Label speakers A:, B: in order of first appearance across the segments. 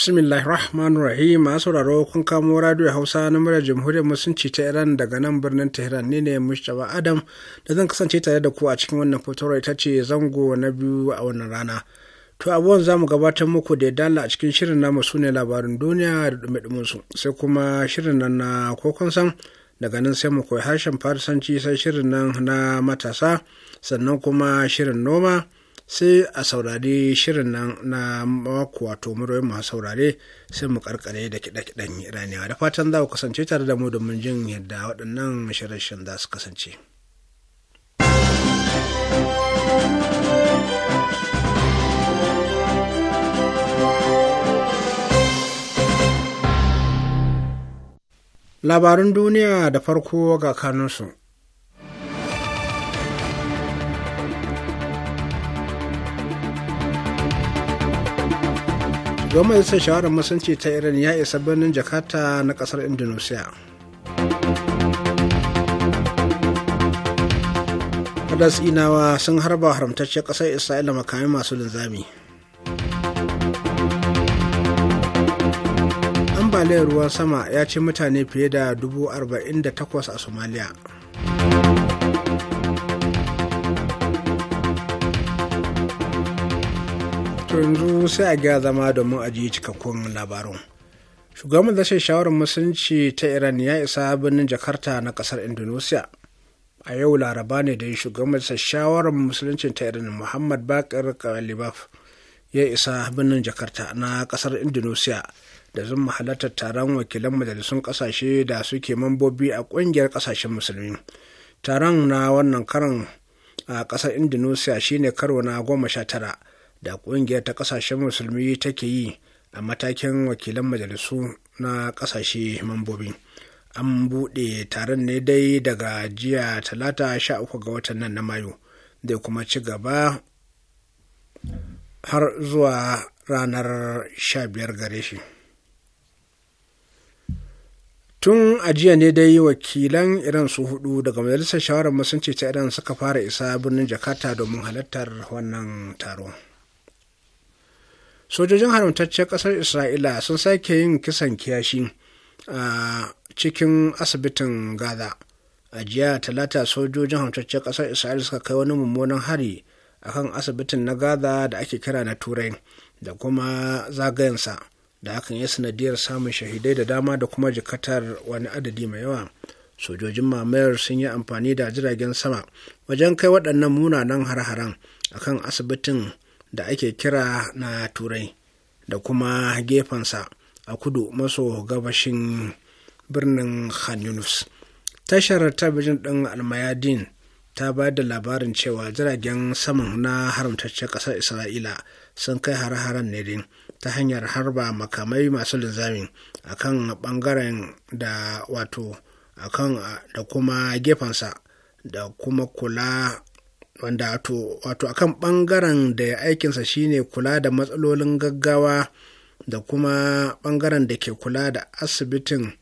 A: bismillah rahman rahim masu sauraro kun kamo radio hausa na murar jamhuriyar musulunci ta iran daga nan birnin tehran ne ne mustapha adam da zan kasance tare da ku a cikin wannan fitowar ita ce zango na biyu a wannan rana to abubuwan za mu gabatar muku da dala a cikin shirin namu su ne labarin duniya da dumi su sai kuma shirin nan na kokon san daga nan sai mu koyi harshen farisanci sai shirin nan na matasa sannan kuma shirin noma sai a saurari shirin nan na mako wato muryoyin masu saurare sai mu karkare da kiɗa-kiɗan iraniya da fatan za ku kasance tare da mu domin jin yadda waɗannan shirin za su kasance. Labarun duniya da farko ga kanunsu. don majalisar shawarar masanci ta iran ya isa birnin jakarta na kasar indonesia inawa sun harba haramtacciyar kasar isra'ila makami masu linzami ambaliyar ruwan sama ya ce mutane fiye da 48,000 a somalia to yanzu sai a ga zama da mu ji cikakkun labarun. Shugaban tashar shawarar musulunci ta Iran ya isa birnin Jakarta na kasar Indonesia. A yau laraba ne da shugaban tashar shawarar musulunci ta Iran Muhammad Bakir Kalibaf ya isa birnin Jakarta na kasar Indonesia da zan halartar taron wakilan majalisun kasashe da suke mambobi a kungiyar kasashen musulmi. Taron na wannan karan a kasar Indonesia shine karo na goma sha tara. da ƙungiyar ta kasashen musulmi take yi a matakin wakilan majalisu na ƙasashe mambobi an buɗe taron ne dai daga jiya talata sha uku ga watan nan na mayu zai kuma ci gaba har zuwa ranar sha biyar gare shi tun a jiya ne dai wakilan iran su hudu daga majalisar shawarar masunci ta iran suka fara isa birnin jakarta domin halartar wannan taro. sojojin haramtaccen ƙasar isra'ila sun sake yin kisan kiyashi a cikin asibitin gaza a jiya talata sojojin haramtaccen ƙasar isra'ila suka kai wani mummunan hari akan asibitin na gaza da ake kira na turai da kuma zagayensa da hakan ya sanadiyar samun shahidai da dama da kuma jikatar wani adadi mai yawa sojojin mamayar sun yi amfani da jiragen sama wajen kai waɗannan munanan har-haren akan asibitin da ake kira na turai da kuma gefensa a kudu maso gabashin birnin khan yunus tashar talabijin din almayadin ta ba da labarin cewa jiragen saman na haramtaccen kasar isra'ila sun kai har haren ne din ta hanyar harba makamai masu linzamin a kan bangaren da wato a kan da kuma gefensa da kuma kula wanda wato akan ɓangaren da aikinsa shine kula da matsalolin gaggawa da kuma ɓangaren da ke kula da asibitin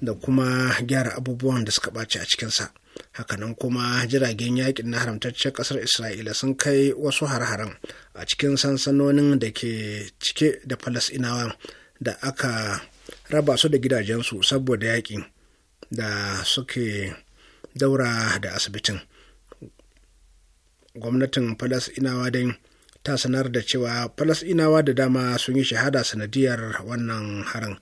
A: da kuma gyara abubuwan da suka ɓace a cikinsa hakanan kuma jiragen yakin na haramtaccen ƙasar isra'ila sun kai wasu har-haren a cikin sansanonin da ke cike da falasinawa da aka raba su da gidajensu saboda yaƙi da suke daura da asibitin gwamnatin falasinawa dai ta sanar da cewa falasinawa da dama sun yi shahada sanadiyar wannan harin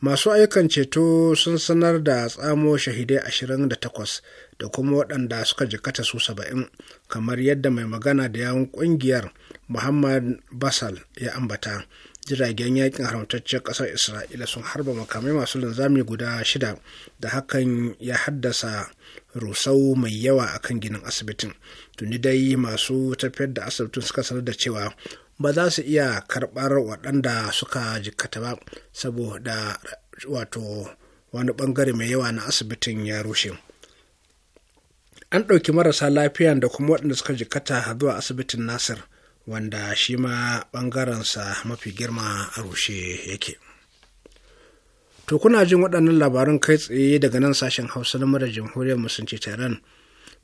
A: masu ayyukan ceto sun sanar da tsamo shahidai 28 da kuma waɗanda suka jikata su 70 kamar yadda mai magana da yawon ƙungiyar muhammad basal ya ambata jiragen yakin haramtaccen ƙasar isra'ila sun harba makamai masu linzami guda shida da hakan ya haddasa rusau mai yawa a kan ginin asibitin tuni dai masu tafiyar da asibitin suka sanar da cewa ba za su iya karɓar waɗanda suka jikkata ba saboda wato wani ɓangare mai yawa na asibitin ya rushe an ɗauki marasa lafiyan da kuma waɗanda suka jikata zuwa asibitin nasir wanda shi ma ɓangarensa mafi girma a rushe yake to kuna jin waɗannan labarin kai tsaye daga nan sashen hausa na mara jamhuriyar musulunci taron?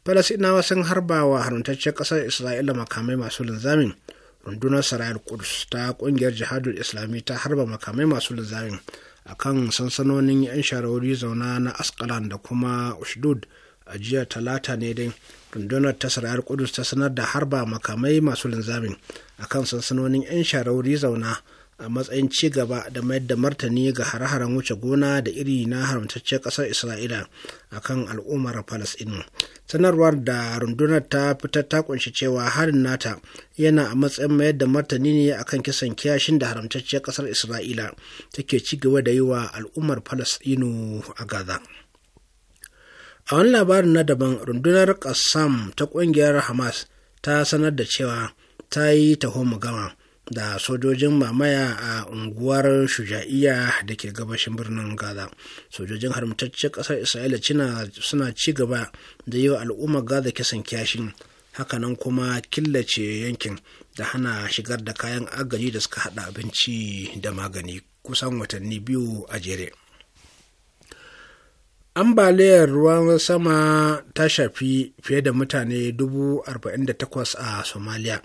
A: falasinawa sun harba wa haramtaccen ƙasar isra'ila makamai masu linzamin rundunar sarayar kudus ta ƙungiyar jihadul islami ta harba makamai masu linzamin a kan sansanonin 'yan shawarwari zauna na askalan da kuma ushdud a jiya talata ne dai rundunar ta sarayar kudus ta sanar da harba makamai masu linzamin a kan sansanonin 'yan sharauri zauna a matsayin ci gaba da mayar da martani ga hare-haren wuce gona da iri na haramtacciyar ƙasar isra'ila a kan al'ummar falasɗinu sanarwar da rundunar ta fitar ta kunshi cewa harin nata yana a matsayin mayar da martani ne a kan kisan kiyashin da haramtacciyar ƙasar isra'ila take ci gaba da yi wa al'ummar falasɗinu a gaza a wani labarin na daban rundunar qassam ta ƙungiyar hamas ta sanar da cewa ta yi taho gama da sojojin mamaya a unguwar shuja'iya da ke gabashin birnin gaza sojojin haramtaccen ƙasar isra'ila suna ci gaba da yi wa al'ummar gaza kisan kyashin hakanan kuma killace yankin da hana shigar da kayan agaji da suka hada abinci da magani kusan watanni biyu a jere. ambaliyar ruwan sama ta shafi fiye da mutane 48,000 a somalia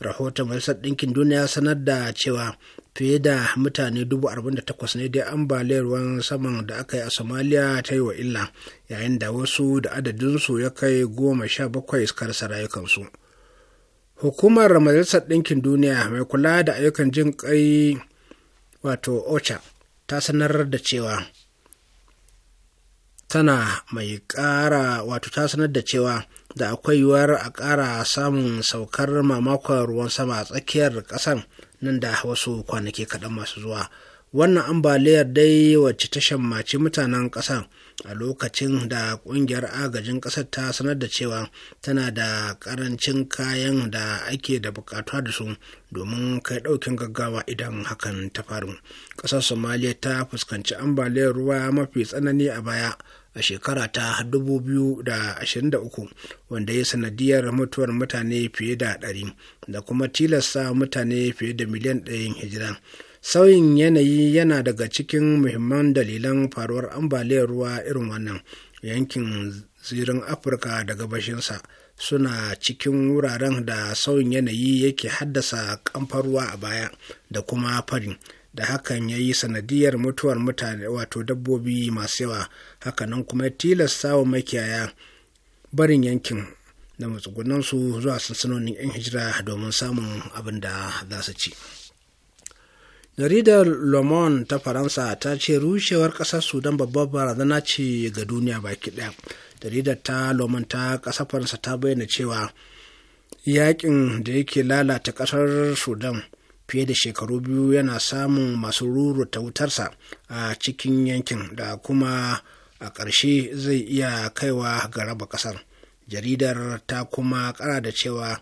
A: rahoton majalisar ɗinkin duniya sanar da cewa fiye da mutane 48,000 ne dai ambaliyar ruwan saman da aka yi a somalia ta yi wa illa yayin da wasu da adadinsu ya kai 17 suka rasa rayukansu hukumar majalisar ɗinkin duniya mai kula da ayyukan jin kai wato ocha ta sanar da cewa tana mai ƙara wato ta sanar da cewa da akwai yiwuwar a ƙara samun saukar mamakon ruwan sama a tsakiyar ƙasar nan da wasu kwanaki kaɗan masu zuwa wannan ambaliyar dai wacce ta shammaci mutanen ƙasar a lokacin da ƙungiyar agajin ƙasar ta sanar da cewa tana da ƙarancin kayan da ake da buƙatuwa da su domin kai ɗaukin gaggawa idan hakan ta faru ƙasar somaliya ta fuskanci ambaliyar ruwa mafi tsanani a baya a shekara ta 2023 wanda ya sanadiyar mutuwar mutane fiye da ɗari, da kuma tilasta mutane fiye da miliyan ɗayan hijira sauyin yanayi yana daga cikin muhimman dalilan faruwar ambaliyar ruwa irin wannan yankin zirin afirka da gabashinsa suna cikin wuraren da sauyin yanayi yake haddasa kamfar ruwa a baya da kuma fari. da hakan ya yi sanadiyar mutuwar mutane wato dabbobi masu yawa hakanan kuma tilasta wa makiyaya barin yankin da matsugunansu zuwa sansanonin 'yan hijira domin samun abin da za su ci jaridar le monde ta faransa ta ce rushewar ƙasar sudan babbar barazana ce ga duniya baki ɗaya jaridar ta le ta ƙasar faransa ta bayyana cewa yakin da yake lalata ƙasar sudan fiye da shekaru biyu yana samun masu rurrata wutarsa a cikin yankin da kuma a ƙarshe zai iya kaiwa ga raba ƙasar jaridar ta kuma ƙara da cewa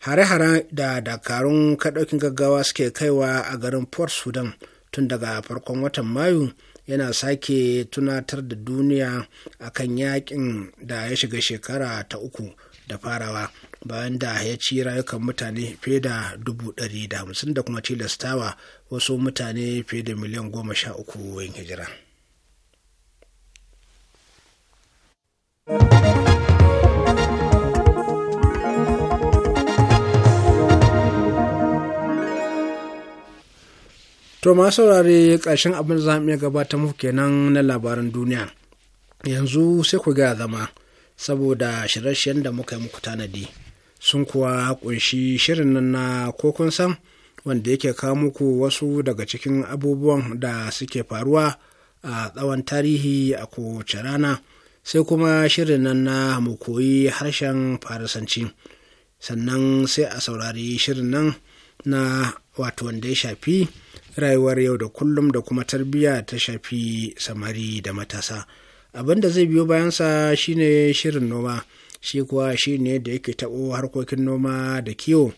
A: hare-hare da dakarun kaɗaukin gaggawa suke kaiwa a garin port sudan tun daga farkon watan mayu yana sake tunatar da duniya akan yakin da ya shiga shekara ta uku da farawa bayan da ya ci rayukan mutane fiye da dubu ɗari da hamsin da kuma tilastawa wasu mutane fiye da miliyan goma sha uku yin hijira. To ma saurare ƙarshen abin za mu iya gabata muku kenan na labaran duniya. Yanzu sai ku ga zama saboda shirye-shiryen da muka yi muku tanadi. sun kuwa kunshi shirin nan na kokon san wanda yake kawo muku wasu daga cikin abubuwan da suke faruwa a tsawon tarihi a kowace rana sai kuma shirin nan na mu koyi harshen farisanci sannan sai a saurari shirin nan na wato wanda ya shafi rayuwar yau da kullum da kuma tarbiyya ta shafi samari da matasa abinda zai biyo bayansa shine shirin noma shi kuwa shi ne da yake taɓo harkokin noma da kiwo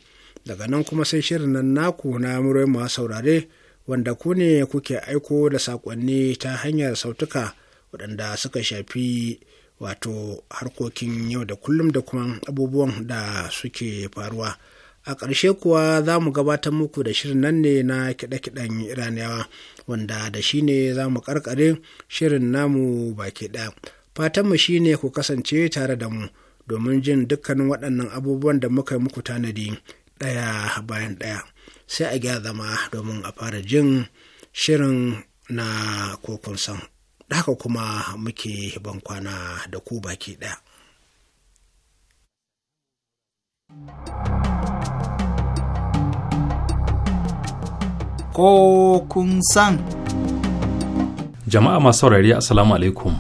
A: daga nan kuma sai shirin nan naku na murai masu saurare wanda ku ne kuke aiko da saƙonni ta hanyar sautuka waɗanda suka shafi wato harkokin yau da kullum da kuma abubuwan da suke faruwa a ƙarshe kuwa za mu gabatar muku da shirin nan ne na kiɗa kiɗen iraniyawa wanda da shi ne za mu ƙarƙare shirin namu baki ɗaya fatanmu shi ne ku kasance tare da mu domin jin dukkanin waɗannan abubuwan da muka yi muku tanadi ɗaya bayan ɗaya sai a gyara zama domin a fara jin shirin na kokon san haka kuma muke bankwana da ku baki ɗaya.
B: Ko san.
C: Jama'a masu saurari asalamu alaikum,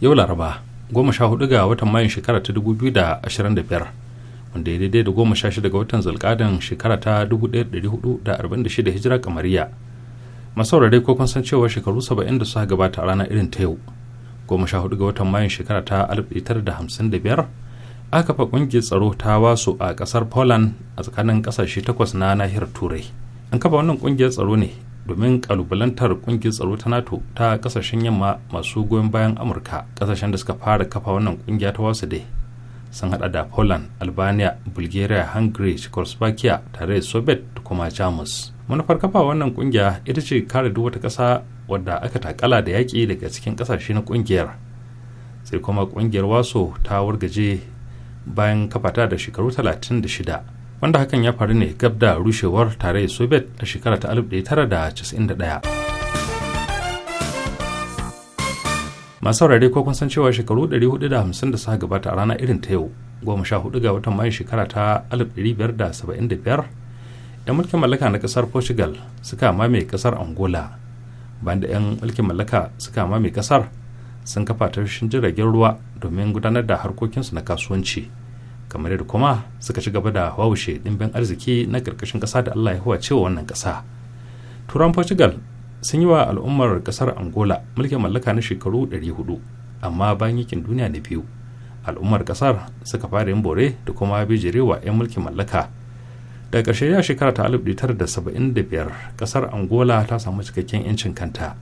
C: yau Laraba. goma sha hudu ga watan mayun shekara ta dubu biyu da ashirin da biyar wanda ya daidai da goma sha shida ga watan zalkadan shekara ta dubu ɗaya da hudu da arba'in da shida hijira kamariya masaurare ko kun san cewa shekaru saba'in da suka gabata rana irin ta yau goma sha hudu ga watan mayun shekara ta alif tara da hamsin da biyar aka fa kungiyar tsaro ta wasu a ƙasar poland a tsakanin kasashe takwas na nahiyar turai an kafa wannan ƙungiyar tsaro ne domin kalubalantar kungiyar tsaro ta nato ta kasashen yamma masu goyon bayan amurka kasashen da suka fara kafa wannan kungiya ta wasu dai sun hada da poland albania bulgaria hungary czechoslovakia tare da soviet da kuma jamus manufar kafa wannan kungiya ita ce kare duk wata kasa wadda aka takala da yaƙi daga cikin kasashe na kungiyar sai kuma kungiyar waso ta wargaje bayan kafata da shekaru 36 wanda hakan ya faru ne gab da rushewar tare soviet a shekara ta 1991 masu saurare ko kun san cewa shekaru 450 da suka gabata a rana irin ta yau goma sha hudu ga watan mayu shekara ta 1575 'yan mulkin mallaka na kasar portugal suka mamaye kasar angola bayan da 'yan mulkin mallaka suka mamaye kasar sun kafa tashoshin jiragen ruwa domin gudanar da harkokinsu na kasuwanci kamar yadda kuma suka ci gaba da wawushe dimbin arziki na karkashin kasa da allah ya huwa cewa wannan kasa. turan portugal sun yi wa al'ummar kasar angola mulkin mallaka na shekaru 400 amma bayan yakin duniya na biyu al'ummar kasar suka fara yin bore da kuma bijirewa 'yan mulkin mallaka daga ƙarshe ya shekara ta biyar ƙasar angola ta samu cikakken 'yancin kanta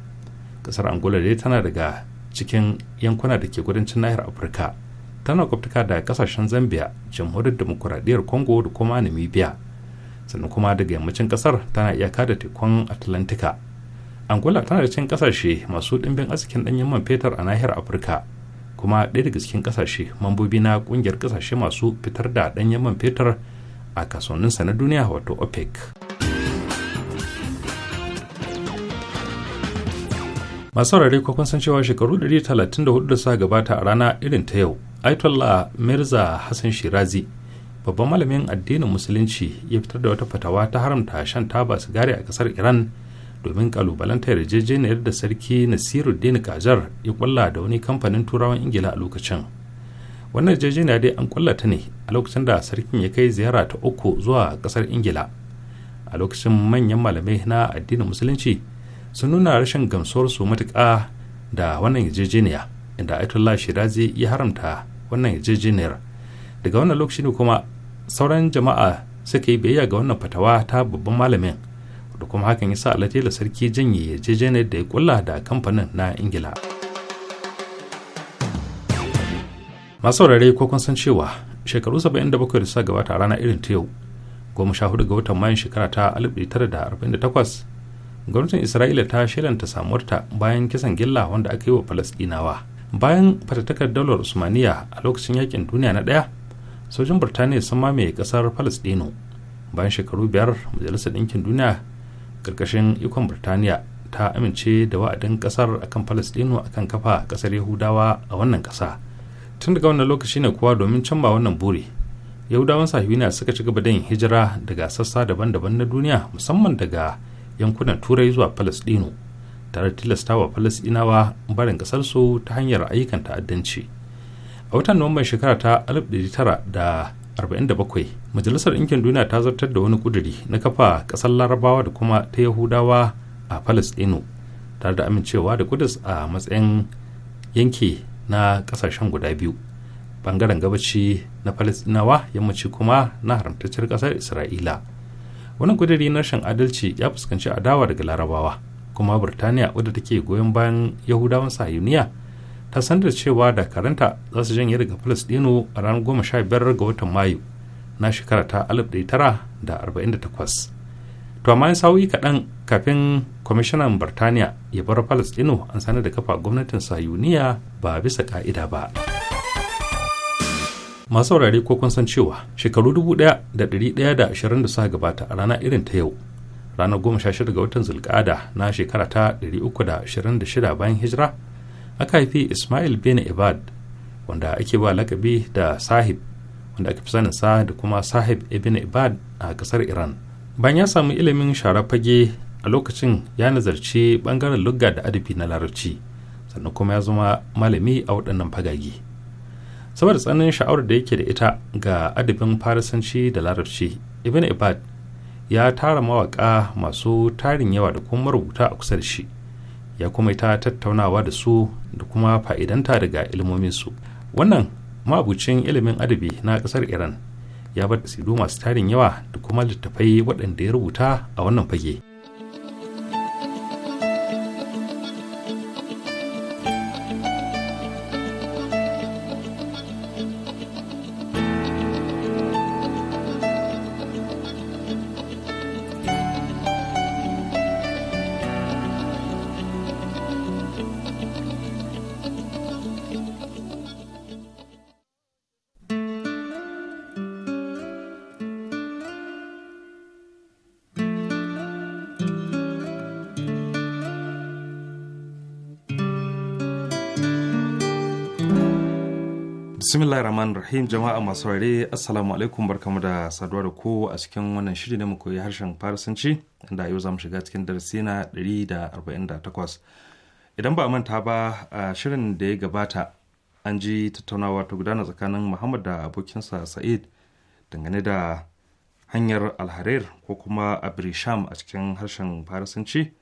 C: ƙasar angola dai tana daga cikin yankuna da ke kudancin nahiyar afirka tana kwabtaka da kasashen zambia jamhuriyar demokuraɗiyyar congo da kuma namibia sannan kuma daga yammacin kasar tana iyaka da tekun atlantika angola tana da cin kasashe masu ɗimbin askin ɗanyen man fetur a nahiyar afirka kuma ɗaya daga cikin kasashe mambobi na ƙungiyar kasashe masu fitar da ɗanyen man fetur a sa na duniya wato opec masu saurari ko kun san cewa shekaru 134 da suka gabata a rana irin ta yau Aitullah Mirza Hassan Shirazi babban malamin addinin musulunci ya fitar da wata fatawa ta haramta shan taba sigari a kasar Iran domin kalubalanta yarjejeniyar da sarki Nasiru Nasiruddin Kajar ya kulla da wani kamfanin turawan Ingila a lokacin. Wannan yarjejeniya dai an kulla ta ne a lokacin da sarkin ya kai ziyara ta uku zuwa kasar Ingila. A lokacin manyan malamai na addinin musulunci sun nuna rashin gamsuwarsu matuƙa da wannan yarjejeniya inda Aitullah Shirazi ya haramta wannan yarjejeniyar daga wannan lokaci ne kuma sauran jama'a suka yi biyayya ga wannan fatawa ta babban malamin da kuma hakan ya sa alatela sarki janye yarjejeniyar da ya kulla da kamfanin na ingila masu saurare ko kun san cewa shekaru 77 da suka gabata a rana irin ta yau goma sha hudu ga watan mayun shekara ta 1948 gwamnatin isra'ila ta shelanta samuwarta bayan kisan gilla wanda aka yi wa falasɗinawa bayan fatattakar daular usmaniya a lokacin yakin duniya na ɗaya sojin burtaniya sun mamaye kasar palestino bayan shekaru biyar majalisar ɗinkin duniya ƙarƙashin ikon birtaniya ta amince da wa'adin ƙasar akan palestino akan kafa ƙasar yahudawa a wannan ƙasa tun daga wannan lokaci ne kuwa domin canza wannan buri yahudawan sahiyuna suka ci gaba da yin hijira daga sassa daban-daban na duniya musamman daga yankunan turai zuwa palestino tare Tilasta wa falasɗinawa barin su ta hanyar ayyukan ta'addanci a watan nuwamban shekara ta 1947 majalisar ɗinkin duniya ta zartar da wani kuduri na kafa ƙasar larabawa da kuma ta yahudawa a Falasɗinu. tare da amincewa da kudus a matsayin yanki na kasashen guda biyu bangaren gabaci na Falasɗinawa yammaci kuma na haramtacciyar ƙasar isra'ila wani kuduri na rashin adalci ya fuskanci adawa daga larabawa kuma burtaniya wadda take goyon bayan yahudawan sahiyuniya ta sanar cewa dakaranta za su janye daga palestino a ranar goma sha biyar ga watan mayu na shekara ta 1948 to amma yan sa'o'i kaɗan kafin kwamishinan burtaniya ya bar palestino an sanar da kafa gwamnatin sahiyuniya ba bisa ka'ida ba masu saurare ko kun san cewa shekaru dubu da da ashirin da suka gabata a rana irin ta yau ranar 16 ga watan zulkada na shekara ta shida bayan hijira aka haifi ismail bin ibad wanda ake ba lakabi da sahib wanda aka fi sa da kuma sahib ibn ibad a kasar iran bayan ya samu ilimin sharafage a lokacin ya nazarci bangaren lugga da adabi na larabci sannan kuma ya zama malami a waɗannan fagage saboda tsananin sha'awar da yake da ita ga adabin farisanci da larabci ibn ibad ya tara mawaƙa masu tarin yawa da kuma rubuta a kusa da shi ya kuma ta tattaunawa da su da kuma fa'idanta daga ilmominsu wannan mabucin ilimin adabi na ƙasar iran ya bar sidu masu tarin yawa da kuma littattafai waɗanda ya rubuta a wannan fage. bismillah rahman rahim jama'a masu ware assalamu alaikum barkamu da saduwa da ko a cikin wannan shiri da koyi harshen farisanci inda yau zamu shiga cikin darasi na 148 idan ba a manta ba a shirin da ya gabata an ji tattaunawa ta gudana tsakanin muhammad da abokinsa sa'id dangane da hanyar alharir ko kuma abrisham a cikin harshen farisanci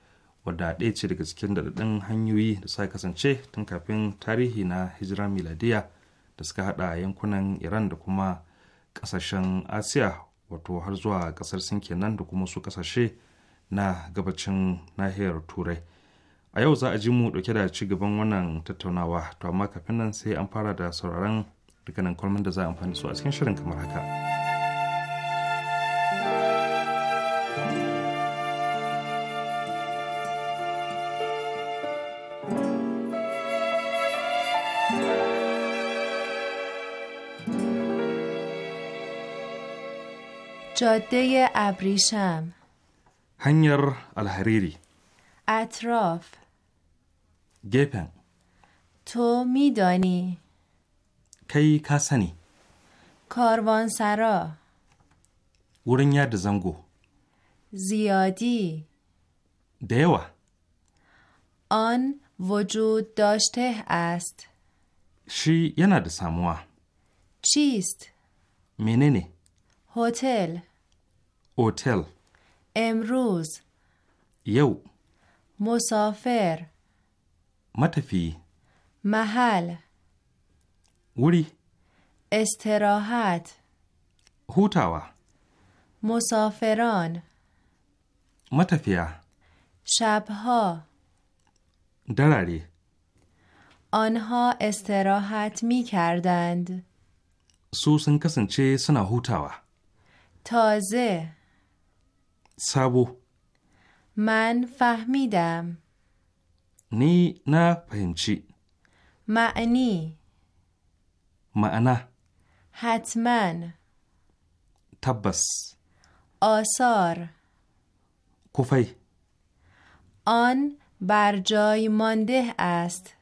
C: wadda ɗaya ce daga cikin daɗaɗɗun hanyoyi da sa kasance tun kafin tarihi na hijira miladiya da suka hada yankunan iran da kuma kasashen asiya wato har zuwa kasar sin kenan da kuma su kasashe na gabacin nahiyar turai a yau za a ji mu dauke da ci gaban wannan tattaunawa to amma kafin nan sai an fara da sauraron dukkanin kwalmin da za a amfani su a cikin shirin kamar haka.
D: جاده ابریشم
C: هنگر الحریری
D: اطراف گپن تو میدانی
C: کی کسنی
D: کاروان سرا
C: ورنیاد زنگو
D: زیادی دیوه آن وجود داشته است
C: شی یه د
D: چیست؟ مننه هتل هتل امروز یو مسافر
C: متفی
D: محل وری استراحت هوتاوا مسافران
C: متفیا
D: شبها دراری آنها استراحت می کردند
C: سوسن چه سنا هوتاوا
D: تازه سبو من فهمیدم
C: نی نه پهمچی
D: معنی معنا حتما
C: تبس
D: آثار کفی آن بر جای مانده است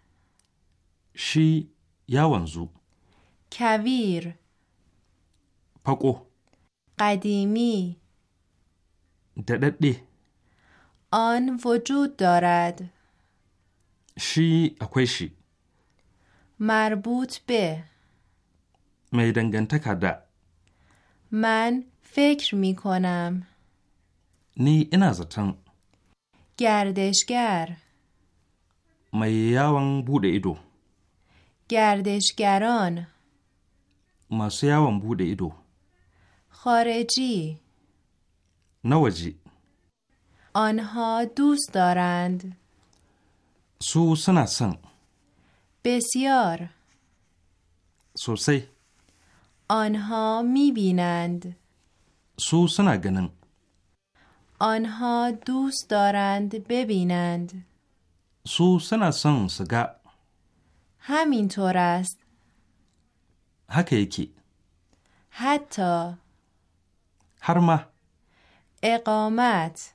C: شی یوانزو.
D: کویر پاکو قدیمی دددی آن وجود دارد
C: شی اکوی شی
D: مربوط به
C: میدنگن تکده
D: من فکر می کنم
C: نی اینا زتن
D: گردشگر
C: mai yawon bude ido.
D: Gardeshgaron.
C: Masu yawon bude ido.
D: خارجی نوجی آنها دوست دارند
C: سو سن
D: بسیار سوسی آنها می بینند سو آنها دوست دارند ببینند
C: سو سنا سگا
D: همینطور است
C: هکیکی.
D: حتی har ma اقامت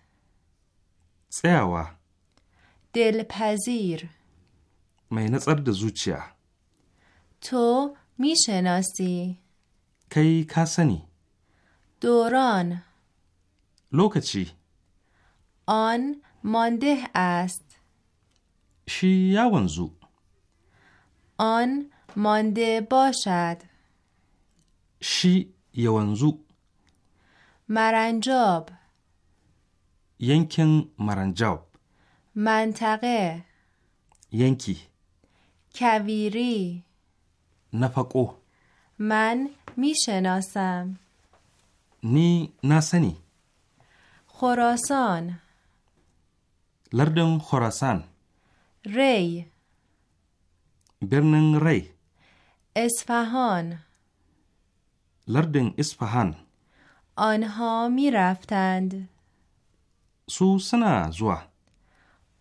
D: tsayawa دلپذیر
C: mai natsar da zuciya
D: to میشناسی
C: kai ka sani
D: دوران lokaci آن مانده است شی یا wanzu آن مانده باشد
C: شی یا wanzu
D: مرنجاب
C: ینکن مرنجاب
D: منطقه ینکی کویری نفقو من میشناسم
C: نی ناسنی.
D: خراسان
C: لردن خراسان ری برنن ری
D: اسفهان
C: لردن اسفهان
D: آنها می رفتند
C: سو زوا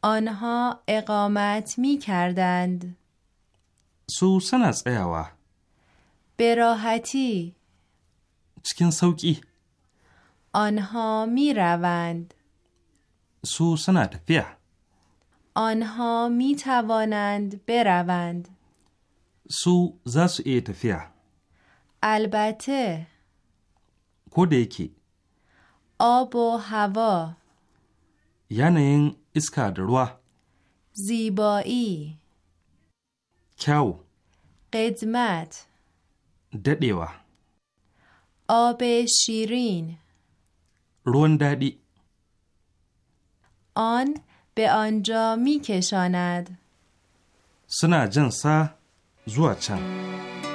D: آنها اقامت می کردند
C: سو سنا به چکن سوکی
D: آنها می روند
C: سو سنا
D: آنها می توانند بروند
C: سو زس ای
D: البته کودکی آب و هوا
C: یعنی اسکا دروا
D: زیبایی کهو قدمت ددیوا آب شیرین
C: رون دادی
D: آن به آنجا می کشاند
C: سنا جنسا زوا چند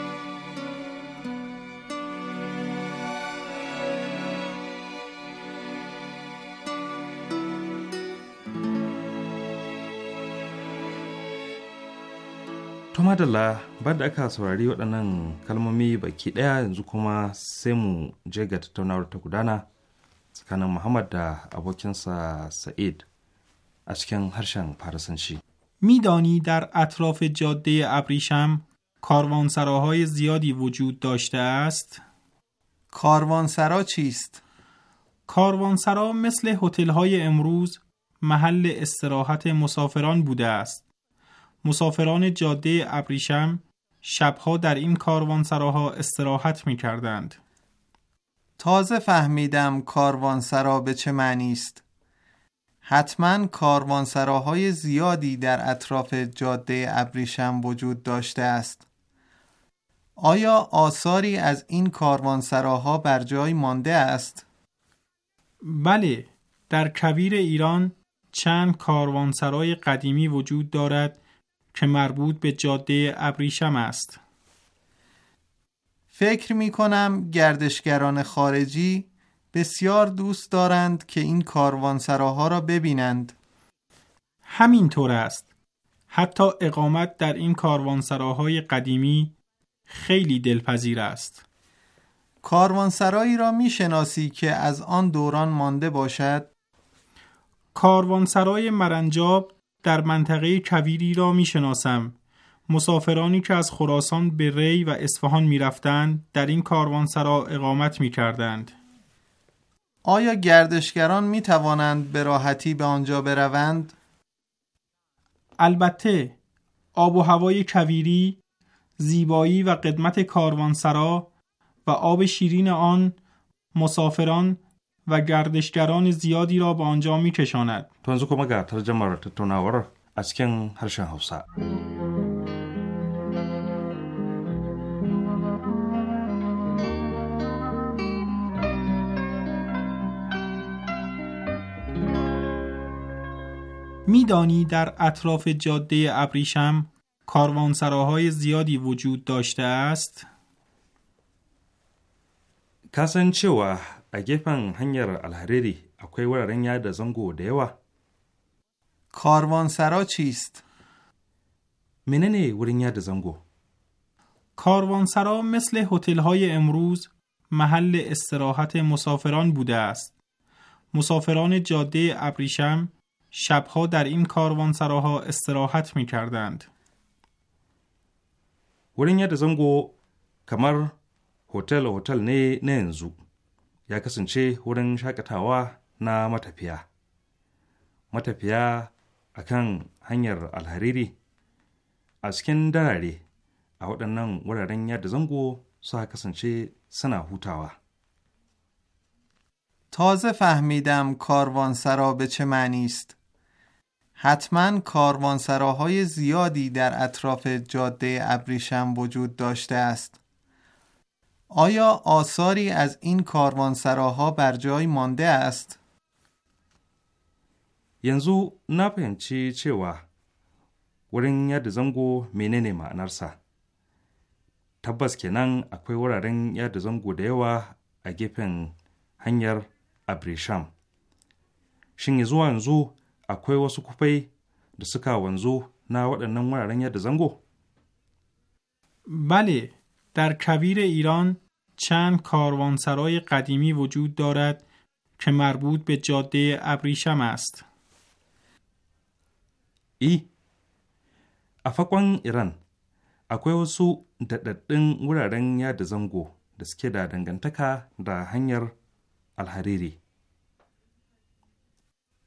C: To madalla da aka saurari waɗannan kalmomi baki ɗaya yanzu kuma sai mu je ga tattaunawar ta gudana tsakanin Muhammad da abokinsa Sa'id a cikin harshen Farisanci. میدانی
E: در اطراف جاده ابریشم کاروانسراهای زیادی وجود داشته است؟ کاروانسرا چیست؟ کاروانسرا مثل هتل‌های امروز محل استراحت مسافران بوده است. مسافران جاده ابریشم شبها در این کاروانسراها
F: استراحت می کردند. تازه فهمیدم کاروانسرا به چه معنی است. حتما کاروانسراهای زیادی در اطراف جاده ابریشم وجود داشته است. آیا آثاری از این کاروانسراها بر جای مانده است؟ بله،
E: در کبیر ایران چند کاروانسرای قدیمی وجود دارد
F: که مربوط به جاده ابریشم است. فکر می کنم گردشگران خارجی بسیار دوست دارند که این کاروانسراها را ببینند. همینطور است.
E: حتی اقامت در این کاروانسراهای قدیمی خیلی دلپذیر است.
F: کاروانسرایی را می شناسی که از آن دوران مانده
E: باشد؟ کاروانسرای مرنجاب در منطقه کویری را می شناسم. مسافرانی که از خراسان به ری و اصفهان می رفتند
F: در این کاروانسرا اقامت می کردند. آیا گردشگران می توانند به راحتی به آنجا بروند؟ البته
E: آب و هوای کویری، زیبایی و قدمت کاروانسرا و آب شیرین آن مسافران و گردشگران
C: زیادی را به آنجا می کشاند.
E: میدانی در اطراف جاده ابریشم کاروانسراهای زیادی وجود داشته است؟
C: کسان چه a gefen hanyar alhariri akwai wuraren yada zango da yawa کاروانسرا چیست؟ مننه ورین یاد زنگو کاروانسرا مثل هتل
E: های امروز محل استراحت مسافران بوده است. مسافران جاده ابریشم شبها در این کاروانسراها استراحت می
C: کردند. ورین یاد زنگو کمر هتل هتل نه نه ya kasance wurin shakatawa na matafiya matafiya a kan hanyar alhariri a cikin darare a waɗannan wuraren yadda zango suka
F: kasance suna hutawa تازه فهمیدم کاروانسرا به چه معنی است. حتما کاروانسراهای زیادی در اطراف جاده ابریشم وجود داشته است. آیا آثاری از این کاروانسراها بر جای مانده است؟ ینزو نپنچی چه و
C: ورن ید زنگو مننه معنرسا tabbas kenan akwai wuraren yada zango da yawa a gefen hanyar abrisham shin zuwa yanzu akwai wasu kufai da suka wanzu na waɗannan wuraren yada zango?
E: bale در کویر ایران چند کاروانسرای قدیمی وجود دارد که مربوط به
C: جاده ابریشم است. ای ایران اکوی وسو زنگو
F: د الحریری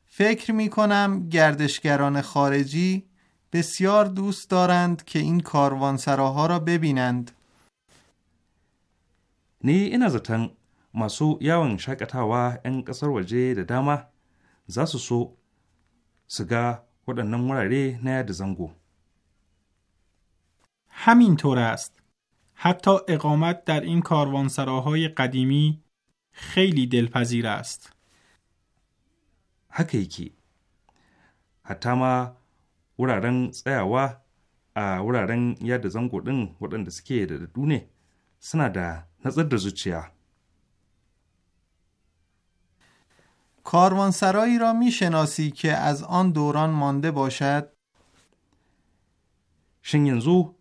F: فکر می کنم گردشگران خارجی بسیار دوست دارند که این کاروانسراها را ببینند.
C: Ni ina zaton masu yawon shakatawa 'yan ƙasar waje da dama za su so su ga waɗannan wurare na yada zango. همینطور است. حتی اقامت در
E: این کاروانسراهای قدیمی خیلی دلپذیر
C: Haka yake, حتی ما wuraren tsayawa a wuraren yada zango ɗin waɗanda suke da dadu ne suna da
F: نظر da کاروانسرایی را می شناسی که از آن دوران مانده باشد؟ شن ینزو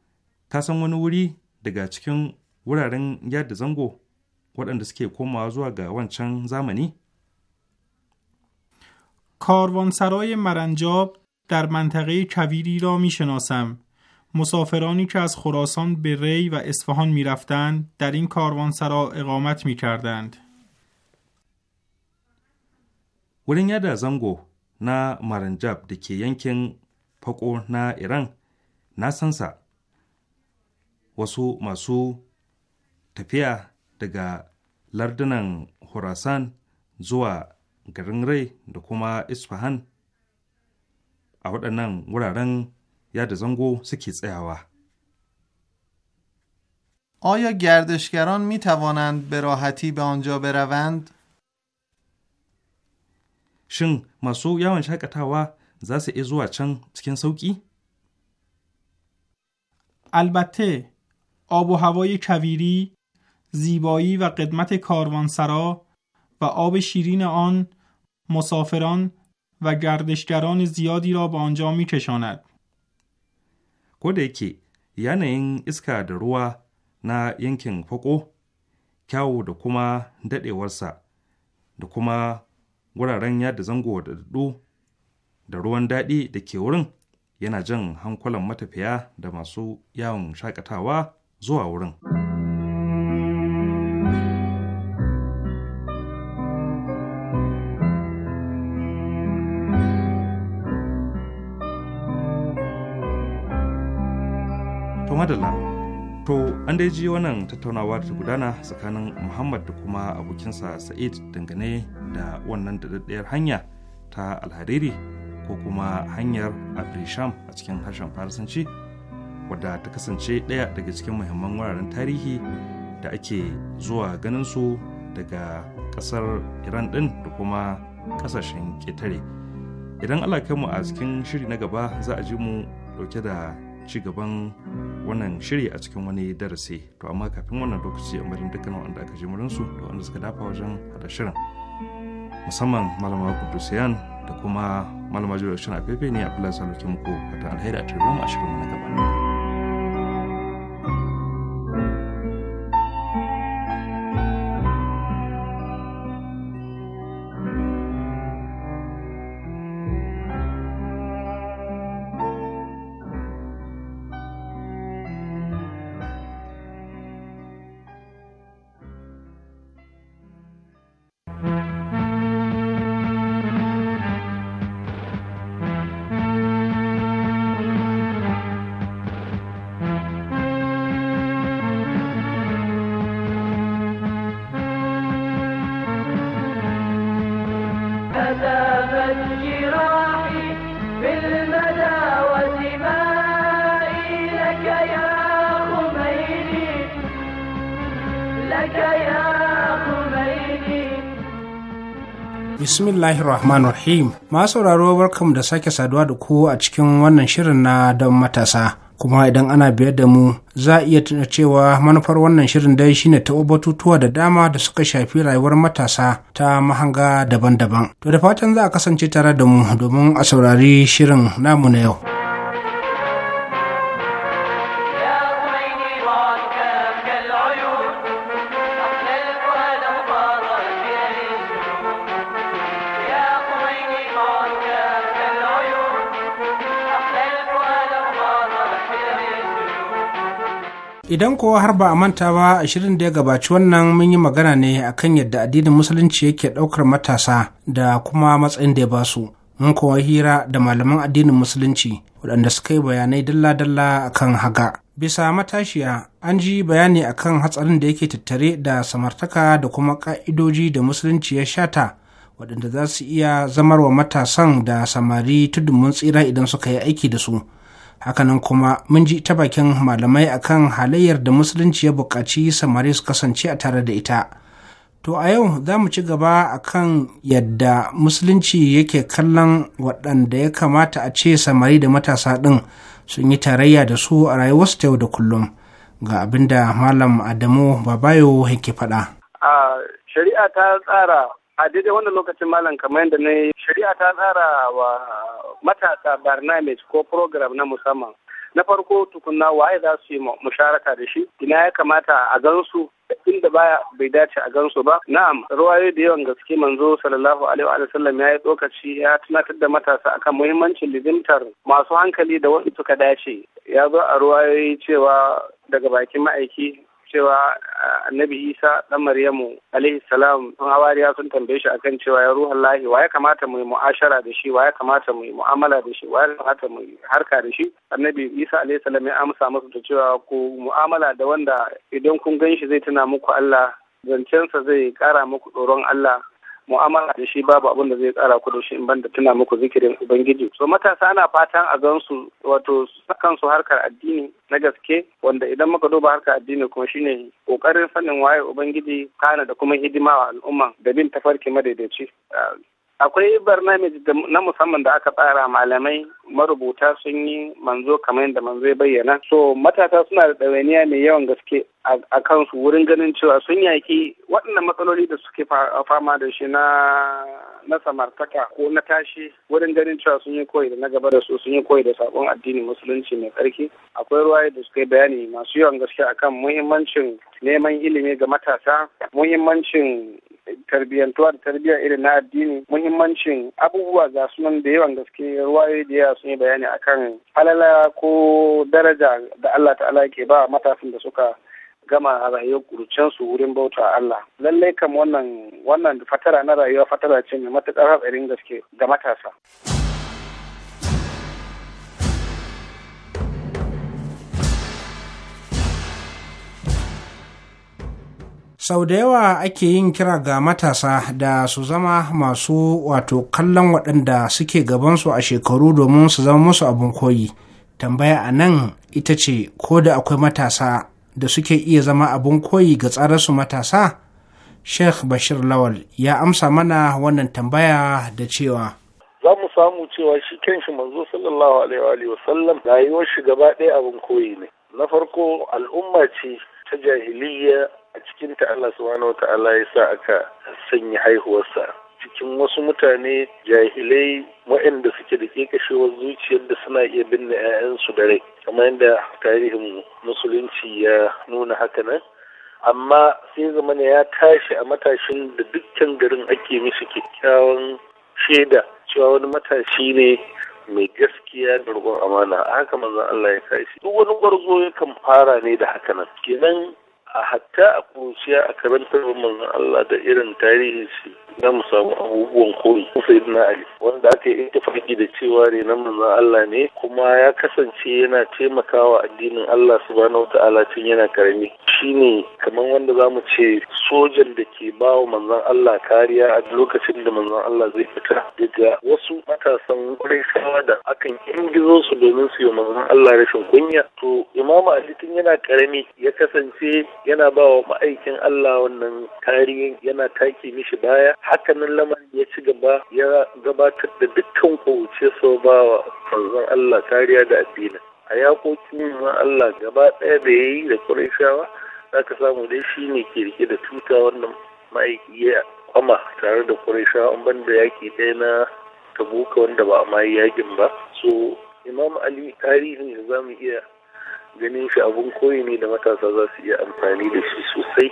F: تا سن wani wuri daga cikin wuraren
C: yadda zango waɗanda suke komawa zuwa
E: کاروانسرای مرنجاب در منطقه کویری را می شناسم. مسافرانی که از خراسان به ری و اصفهان میرفتند در این اقامت
C: wurin yada zango na maranjab da ke yankin fako na iran na sansa wasu masu tafiya daga lardunan horasan zuwa garin rai da kuma isfahan a waɗannan wuraren یا زنگو سه suke
F: آیا گردشگران می توانند به راحتی به آنجا بروند؟ شن مسو یا shakatawa za su iya zuwa چنگ
C: البته آب و هوای کویری
E: زیبایی و قدمت کاروانسرا و آب شیرین آن مسافران و گردشگران زیادی را به آنجا می کشاند.
C: ko da yake yanayin iska da ruwa na yankin fako kyawu da kuma daɗewarsa da kuma wuraren yada zango da daɗu da ruwan daɗi da ke wurin yana jan hankulan matafiya da masu yawon shakatawa zuwa wurin. madalla to an dai ji wannan tattaunawa da ta gudana tsakanin muhammad da kuma abokinsa sa'id dangane da wannan daɗaɗɗiyar hanya ta alhariri ko kuma hanyar abrisham a cikin harshen faransanci wadda ta kasance ɗaya daga cikin muhimman wuraren tarihi da ake zuwa ganin su daga ƙasar iran ɗin da kuma ƙasashen ƙetare idan allah mu a cikin shiri na gaba za a ji mu ɗauke da ci gaban wannan shiri a cikin wani darasi to amma kafin wannan lokaci a marin dukkan wanda aka ji su da wanda suka dafa wajen hada shirin musamman malama kudusiyan da kuma malama jirgin shirin a ne a filan salukin ko fata alheri a turbi mu a shirin na gaba
A: Bismillahirrahmanirrahim. Masu rahim ma sauraro barkamu da sake saduwa da ku a cikin wannan shirin na don matasa kuma idan ana biyar da mu za iya tuna cewa manufar wannan shirin dai shine taɓo batutuwa da dama da suka shafi rayuwar matasa ta mahanga daban-daban to da fatan za a kasance tare da mu domin a saurari shirin namu na yau idan kowa har ba a manta ba a shirin da ya gabaci wannan mun yi magana ne akan yadda addinin musulunci yake ɗaukar matasa da kuma matsayin da ya basu mun kowa hira da malaman addinin musulunci waɗanda suka yi bayanai dalla-dalla akan haga bisa matashiya an ji bayani akan hatsarin da yake tattare da samartaka da kuma ƙa'idoji da musulunci ya shata waɗanda za su iya zamarwa matasan da samari tudun mun tsira idan suka yi aiki da su. hakanan kuma mun ji ta bakin malamai akan halayyar da musulunci ya buƙaci samari su kasance a tare da ita to a yau za mu ci gaba akan yadda musulunci yake kallon waɗanda ya kamata a ce samari da matasa ɗin sun yi tarayya da su a rayuwarsu ta yau da kullum ga abin da malam adamu babayo yake faɗa.
G: shari'a ta tsara a daidai wannan lokacin malam kamar yadda na yi shari'a ta tsara wa matasa barnamage ko program na musamman na farko tukunna waye za su yi musharaka da shi ina ya kamata a gansu inda baya bai dace a gansu ba na'am ruwaye da yawan gaske manzo sallallahu alaihi wa sallam ya yi tsokaci ya tunatar da matasa akan muhimmancin lizimtar masu hankali da wasu suka dace ya zo a ruwaye cewa daga bakin ma'aiki cewa annabi isa dan maryamu alaihi salam sun hawariya sun tambaye shi akan cewa ya ruhan lahi wa ya kamata mu yi mu'ashara da shi wa ya kamata mu yi mu'amala da shi wa ya kamata mu yi harka da shi annabi isa alaihi salam ya amsa musu da cewa ku mu'amala da wanda idan kun gan shi zai tuna muku allah zancensa zai kara muku tsoron allah mu'amala da shi babu abin da zai tsara ku shi in banda tuna muku zikirin ubangiji so matasa ana fatan a gansu su wato sakan su harkar addini na gaske wanda idan muka duba harkar addini kuma shine kokarin sanin waye ubangiji kana da kuma hidima wa al'umma da bin tafarki madaidaici ah, akwai barnamij na musamman da aka tsara malamai marubuta sun yi manzo kamar yadda manzo ya bayyana so matasa suna da ɗawainiya mai yawan gaske a kansu wurin ganin cewa sun yaki waɗannan matsaloli da suke fama da shi na na samartaka ko na tashi wurin ganin cewa sun yi koyi da na gaba da su sun yi koyi da sabon addini musulunci mai tsarki akwai ruwaye da suka yi bayani masu yawan gaske akan muhimmancin neman ilimi ga matasa muhimmancin tarbiyyantuwa da tarbiyyar irin na addini muhimmancin muhimmancin abubuwa ga nan da yawan gaske ruwaye da yawa sun yi bayani akan alala ko daraja da Allah ta'ala ke ba matasan da suka gama rayuwar kurucensu wurin bauta Allah lallai kam wannan wannan fatara na rayuwa fatara ce mai matuƙar hatsarin gaske ga matasa.
A: sau da yawa ake yin kira ga matasa da su zama masu wato kallon waɗanda suke gabansu a shekaru domin su zama musu abin koyi tambaya a nan ita ce ko da akwai matasa da suke iya zama abin koyi ga tsararsu matasa sheikh bashir lawal ya amsa mana wannan tambaya da cewa
H: za mu samu cewa shi kanshi manzo sallallahu alaihi wa sallam rayuwar shi gaba ɗaya abin koyi ne na farko al'umma ce ta jahiliya a cikin ta Allah subhanahu ta'ala ya sa aka sanya haihuwarsa cikin wasu mutane jahilai waɗanda suke da kekashewar zuciyar da suna iya binne 'ya'yansu da rai kamar yadda tarihin musulunci ya nuna haka nan amma sai zamana ya tashi a matashin da dukkan garin ake mishi kyakkyawan shaida cewa wani matashi ne mai gaskiya da amana a haka manzon Allah ya kashi duk wani gwarzo yakan fara ne da haka nan kenan a hatta a kuruciya a karantar manzon Allah da irin tarihin shi za mu samu abubuwan koyi sai na Ali wanda aka yi ittifaki da cewa ne na manzon Allah ne kuma ya kasance yana taimakawa addinin Allah subhanahu wataala tun yana karami shine kamar wanda za mu ce sojan da ke ba wa manzon Allah kariya a lokacin da manzon Allah zai fita daga wasu matasan ƙuraishawa da akan ingizo su domin su yi manzon Allah rashin kunya to Imam Ali tun yana karami ya kasance yana ba wa ma'aikin Allah wannan kariyan yana take mishi baya hakanan lamarin ya ci gaba ya gabatar da dukkan kowace so ba wa manzon Allah kariya da addinin a yakokin Allah gaba ɗaya da ya yi da Qurayshawa za ka samu dai shi ne ke rike da tuta wannan ma'aiki ya kwama tare da kwarai an banda da yaƙi ɗaya na tabuka wanda ba a ma yakin ba so imam ali tarihin da za mu iya ganin shi abun koyi ne da matasa za su iya amfani da shi sosai.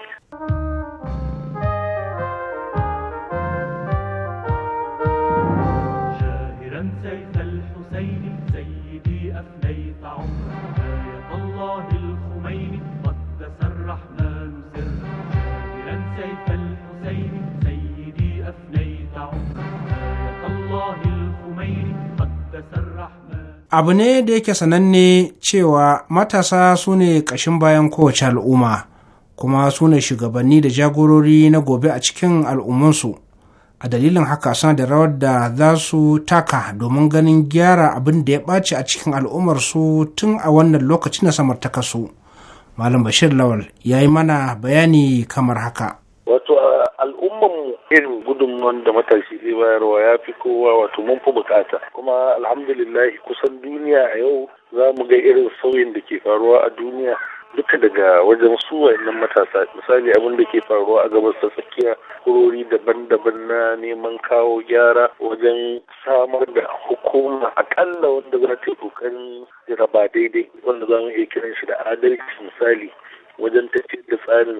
A: abu ne da yake sananne cewa matasa su ne ƙashin bayan kowace al'umma kuma su ne shugabanni da jagorori na gobe a cikin al'ummansu a dalilin haka suna da rawar da za su taka domin ganin gyara abin da ya ɓaci a cikin al'ummarsu tun a wannan lokacin na samartaka su malam bashir lawal ya yi mana bayani kamar haka
H: wato musamman mu irin gudun da matashi zai bayarwa ya fi kowa wato mun fi bukata kuma alhamdulillah kusan duniya a yau za mu ga irin sauyin da ke faruwa a duniya duka daga wajen su wayannan matasa misali abin da ke faruwa a gabas ta tsakiya kurori daban-daban na neman kawo gyara wajen samar da hukuma akalla wanda za ta yi kokarin ba daidai wanda za mu iya kiran shi da adalci misali wajen tafiyar da tsarin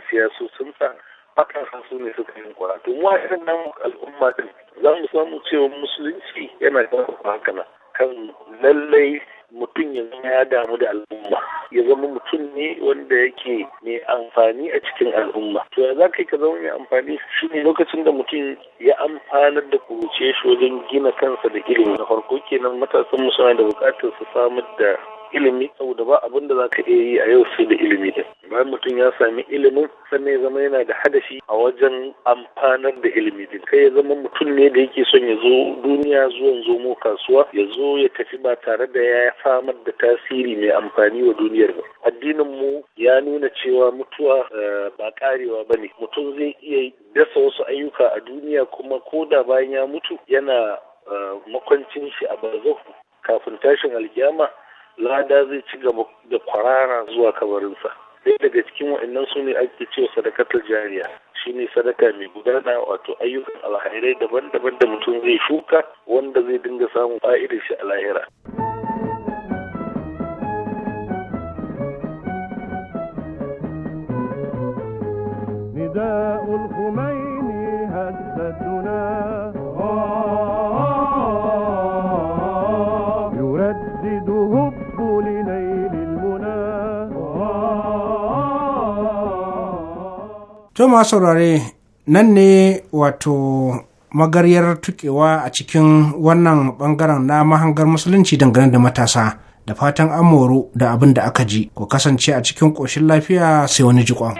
H: sa matasa su ne suka yi kwara to mu a irin nan al'umma din za mu samu cewa musulunci yana da na. kan lallai mutum ya zama ya damu da al'umma ya zama mutum ne wanda yake mai amfani a cikin al'umma to ya za ka ka zama mai amfani shi ne lokacin da mutum ya amfanar da kuruce shi wajen gina kansa da ilimi na farko kenan matasan mu suna da bukatar su samar da ilimi saboda ba abin da za ka iya yi a yau sai da ilimi din bayan mutum ya sami ilimin sannan ya zama yana da hadashi a wajen amfanar da ilimi din kai ya zama mutum ne da yake son ya zo duniya zuwan zomo kasuwa ya zo ya tafi ba tare da ya samar da tasiri mai amfani wa duniyar ba addinin mu ya nuna cewa mutuwa eh, ba karewa bane mutum zai iya dasa wasu ayyuka a duniya kuma ko da bayan ya mutu yana eh, makwancin shi a barzahu kafin tashin alkiyama lada zai ci gaba da kwarara zuwa kabarinsa sai daga cikin waɗannan su ne ake cewa sadakatar jariya shine sadaka mai gudana wato ayyukan alhairai daban-daban da mutum zai shuka wanda zai dinga samun fa'idar shi a lahira.
C: نداء الخميني
A: to ma saurare nan ne wato magaryar tukewa a cikin wannan bangaren na mahangar musulunci dangane da matasa da fatan amoru da abin da aka ji ku kasance a cikin ƙoshin lafiya sai wani jikon.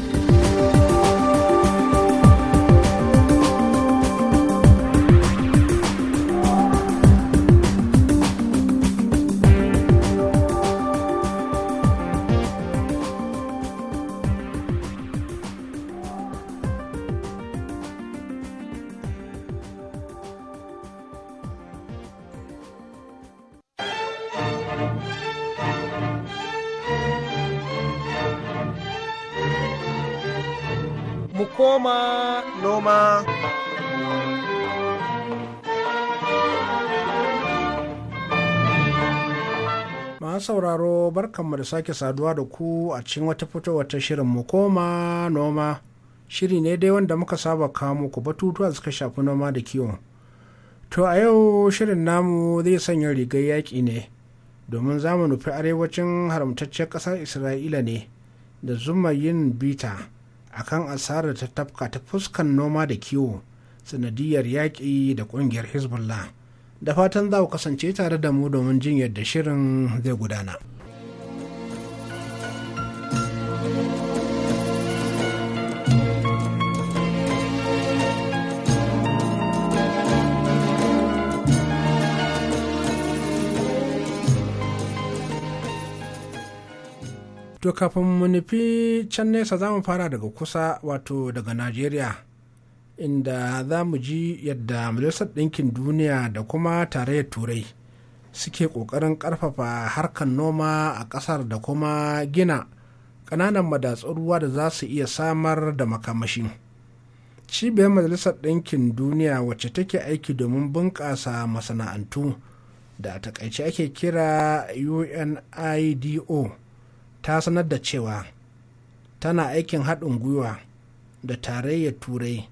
A: 吗？sauraro sauraro barkanmu da sake saduwa da ku a cikin wata fitowar wata shirin mu koma noma shiri ne dai wanda muka saba kamo ku batutuwa suka shafi noma da kiwo to a yau shirin namu zai sanya rigar yaƙi ne domin za nufi arewacin haramtaccen ƙasar isra'ila ne da zuma yin bita akan asarar ta tafka ta fuskan noma da kiwo sanadiyar yaƙi da ƙungiyar hezbollah da fatan za ku kasance tare da mu domin jin yadda shirin zai gudana. to kafin mu nufi can nesa za mu fara daga kusa wato daga najeriya inda za mu ji yadda majalisar ɗinkin duniya da kuma tarayyar turai suke ƙoƙarin ƙarfafa harkar noma a ƙasar da kuma gina ƙananan madatsun ruwa da za su iya samar da makamashi cibiyar majalisar ɗinkin duniya wacce take aiki domin bunƙasa masana'antu da a taƙaice ake kira unido ta sanar da cewa tana aikin haɗin gwiwa da tarayyar turai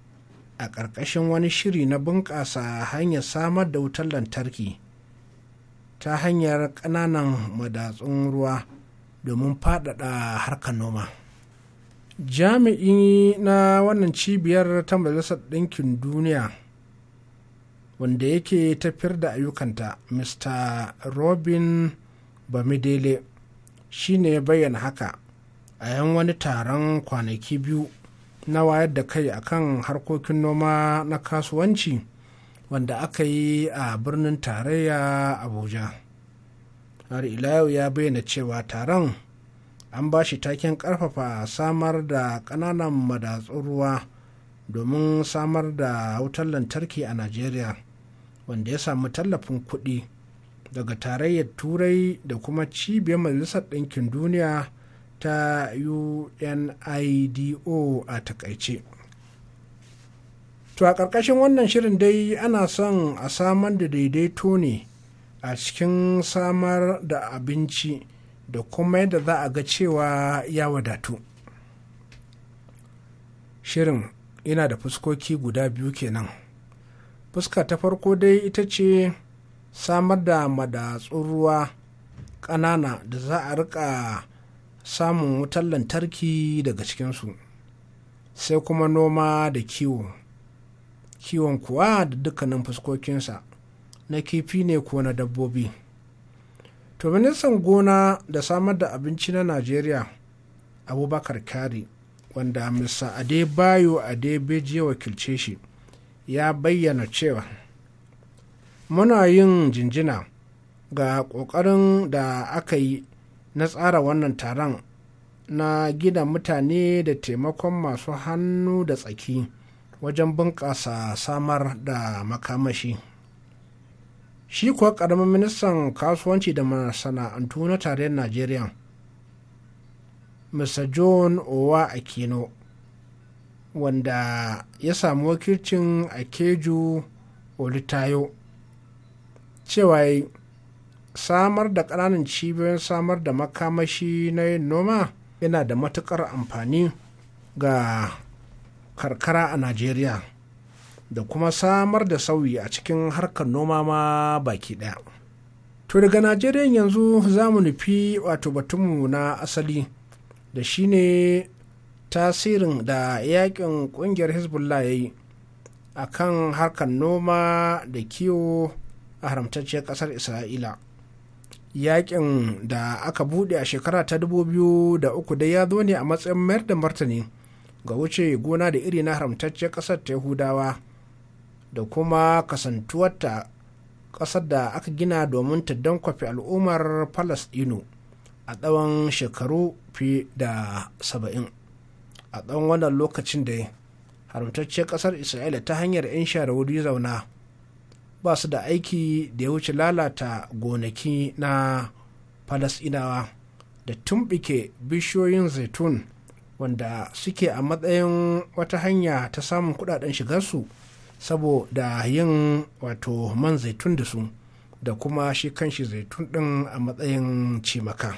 A: a ƙarƙashin wani shiri na bunƙasa hanyar samar da wutar lantarki ta hanyar ƙananan madatsun ruwa domin faɗaɗa harkar noma jami'i na wannan cibiyar ta majalisar ɗinkin duniya wanda yake tafiyar da ayyukanta mr robin bamidele shine ya bayyana haka a yan wani taron kwanaki biyu na wayar da kai kan harkokin noma na kasuwanci wanda aka yi a birnin tarayya abuja har ilayau ya bayyana cewa taron an ba shi taken karfafa samar da kananan madatsun ruwa domin samar da wutar lantarki a najeriya wanda ya samu tallafin kuɗi daga tarayyar turai da kuma cibiyar majalisar ɗinkin duniya ta unido a takaice to a ƙarƙashin wannan shirin dai ana son a samar da daidaito ne a cikin samar da abinci da kuma yadda za a ga cewa ya wadatu shirin yana da fuskoki guda biyu kenan fuska ta farko dai ita ce samar da madatsun ruwa ƙanana da za a rika samun wutar lantarki daga cikinsu sai kuma noma da kiwo kiwon kuwa da dukkanin fuskokinsa na kifi ne ko na dabbobi to ministan gona da samar da abinci na najeriya abubakar kari wanda mr adebayo adebeji ya wakilce shi ya bayyana cewa muna yin jinjina ga ƙoƙarin da aka yi na tsara wannan taron na gina mutane da taimakon masu hannu da tsaki wajen bunƙasa samar da makamashi shi kuwa ƙaramin ministan kasuwanci da masana'antu na tarayyar najeriya mr john owa akino wanda ya samu wakilcin akeju olitayo cewa samar da ƙananan cibiyoyin samar da makamashi na yin noma yana da matuƙar amfani ga karkara a najeriya da kuma samar da sauyi a cikin harkar noma ma baki ɗaya to daga najeriya yanzu za mu nufi wato batunmu na asali da shine tasirin da yakin ƙungiyar hezbollah ya yi a kan harkar noma da kiwo a haramtacciyar ƙasar isra'ila yakin da aka bude a shekara ta dubu biyu da uku dai ya zo ne a matsayin mayar da martani ga wuce gona da iri na haramtacciyar ƙasar ta yahudawa da kuma kasantuwarta ƙasar da aka gina domin ta kwafi al'ummar Falasɗinu a tsawon shekaru fi da saba'in a tsawon wannan lokacin da haramtacciyar ƙasar isra'ila ta hanyar 'yan shara wuri zauna ba su da aiki da ya wuce lalata gonaki na falasinawa da tumbike bishiyoyin zaitun wanda suke a matsayin wata hanya ta samun kudaden shigarsu saboda yin wato man zaitun da su da kuma shi kanshi zaitun din a matsayin cimaka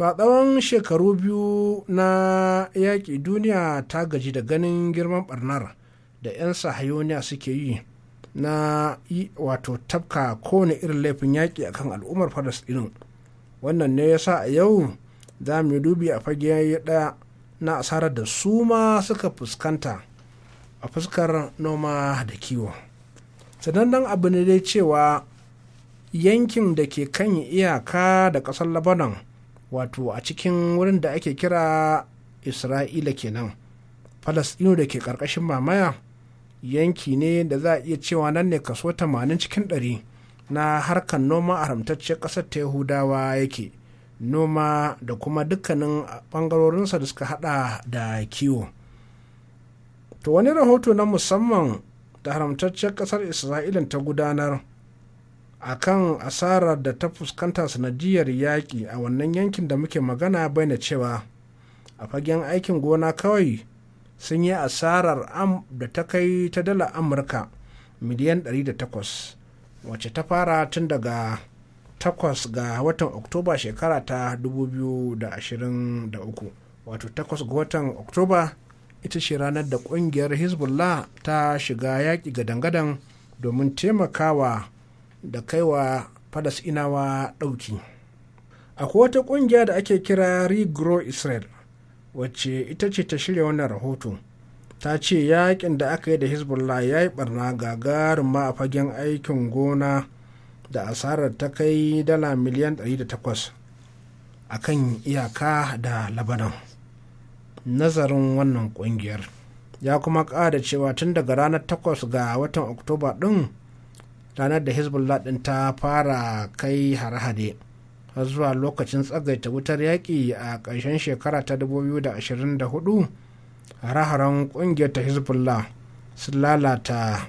A: to a tsawon shekaru biyu na yaƙi duniya ta gaji da ganin girman barnar da 'yan sahayoniya suke yi na wato tafka kowane irin laifin yaƙi akan al'ummar falasɗinin wannan ne yasa a yau za mu dubi a fage ɗaya na asarar da su ma suka fuskanta a fuskar noma da kiwo sanannen abu ne dai cewa yankin da ke kan iyaka da ƙasar labanan wato a cikin wurin da ake kira isra'ila kenan falasɗinu da ke ƙarƙashin mamaya yanki ne da za a iya cewa nan ne kaso 80 cikin 100 na harkar noma a haramtacce ƙasar ta yahudawa yake noma da kuma dukkanin ɓangarorinsa da suka hada da kiwo to wani rahoto na musamman da haramtaccen ƙasar isra'ilin ta gudanar akan asarar da ta fuskanta sanadiyar yaƙi a wannan yankin da muke magana baina cewa a fagen aikin gona kawai sun yi asarar am da ta kai ta dala amurka miliyan 108 wacce ta fara tun daga 8 ga watan oktoba shekara ta 2023 wato 8 ga watan oktoba ita ce ranar da kungiyar hezbollah ta shiga yaƙi gadan-gadan domin taimakawa da kaiwa inawa ɗauki akwai wata ƙungiyar da ake kira regrow israel wacce ita ce ta shirya wannan rahoto ta ce yakin da aka yi da hezbollah ya yi barna gagaruma a fagen aikin gona da asarar ta kai dala miliyan 108 a kan iyaka da labanan nazarin wannan kungiyar ya kuma kada cewa tun daga ranar 8 ga watan oktoba ɗin ranar da hezbollah ɗin ta fara kai hare-hare har zuwa lokacin tsagaita wutar yaƙi a ƙarshen shekara ta 2024 hare-haren ƙungiyar ta hezbollah sun lalata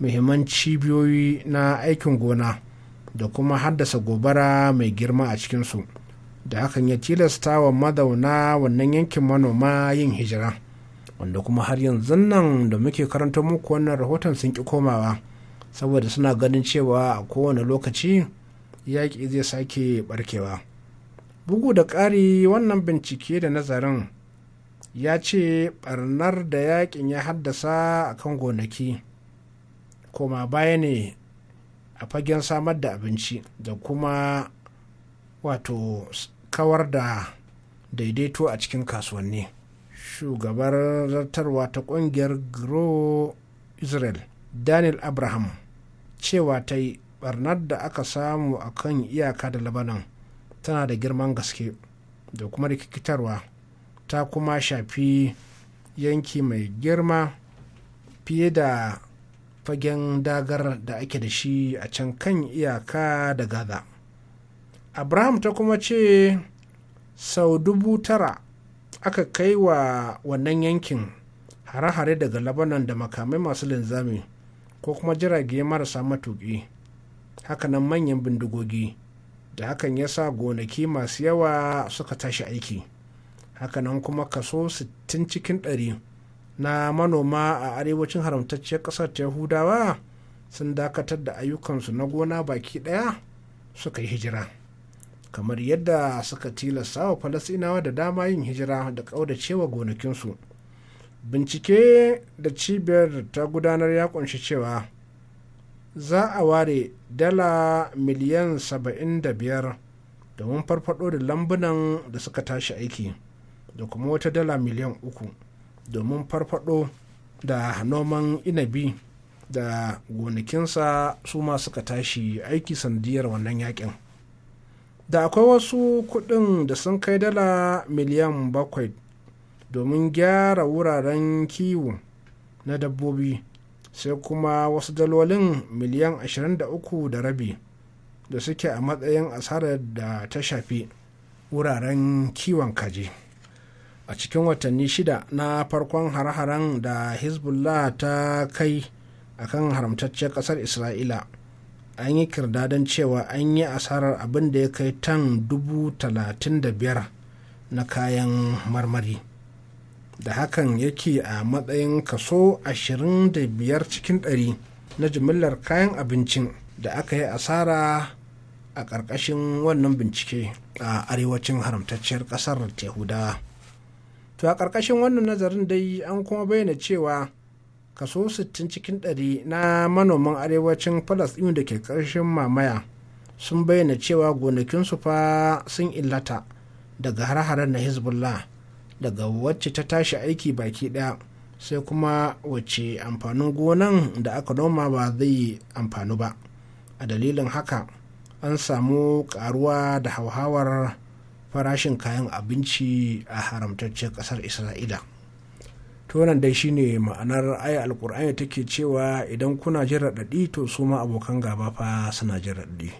A: muhimman cibiyoyi na aikin gona da kuma haddasa gobara mai girma a cikinsu da hakan ya tilasta wa mazauna wannan yankin manoma yin hijira wanda kuma har yanzu nan da muke karanta muku wannan rahoton sun ki komawa saboda suna ganin cewa a kowane lokaci yaƙi zai sake barkewa bugu da ƙari wannan bincike da nazarin ya ce ɓarnar da yaƙin ya haddasa a kan gonaki koma baya ne a fagen samar da abinci da kuma wato kawar da daidaito a cikin kasuwanni shugabar zartarwa ta ƙungiyar gro israel daniel abraham cewa ta yi barnar da aka samu a kan iyaka da labanan tana da girman gaske da kuma rikitarwa ta kuma shafi yanki mai girma fiye da fagen dagar da ake da shi a can kan iyaka da gaza abraham ta kuma ce sau dubu tara aka kai wa wannan yankin hare-hare daga labanan da makamai masu linzami ko kuma jirage marasa matuƙi hakanan manyan bindigogi da hakan ya sa gonaki masu yawa suka tashi aiki hakanan kuma kaso 60 cikin 100 na manoma a arewacin haramtacciyar ƙasar ta yahudawa sun dakatar da ayyukansu na gona baki ɗaya suka yi hijira kamar yadda suka tilasta wa falasinawa da dama yin hijira da ƙaudacewa gonakinsu bincike da cibiyar ta gudanar ya kunshi cewa za a ware dala miliyan 75 domin farfado da lambunan da suka tashi aiki da kuma wata dala miliyan 3 domin farfado da noman inabi da gonakinsa su ma suka tashi aiki sandiyar wannan yakin da akwai wasu kudin da sun kai dala miliyan bakwai domin gyara wuraren kiwo na dabbobi sai kuma wasu dalolin miliyan 23 da rabi da suke a matsayin asarar da ta shafi wuraren kiwon kaji a cikin watanni shida na farkon har-haren da hezbollah ta kai a kan haramtacciyar ƙasar isra'ila an yi kirdadan cewa an yi asarar abin da ya kai tan 35,000 na kayan marmari da hakan yake a matsayin kaso 25 cikin 100 na jimillar kayan abincin da aka yi asara a ƙarƙashin wannan bincike a arewacin haramtacciyar ƙasar tehuda to a ƙarƙashin wannan nazarin dai an kuma bayyana cewa kaso 60 cikin 100 na manoman arewacin falasɗinu da ke ƙarshen mamaya sun bayyana cewa gonakinsu fa sun illata daga har-haren na hezbollah daga wacce ta tashi aiki baki ɗaya sai kuma wacce amfanin gonan da aka noma ba zai yi amfani ba a dalilin haka an samu karuwa da hauhawar farashin kayan abinci a haramtaccen kasar isra'ila tonan dai shine ma'anar aya alkur'ani take cewa idan kuna jin raɗaɗi to su ma abokan gaba fa suna jin raɗaɗi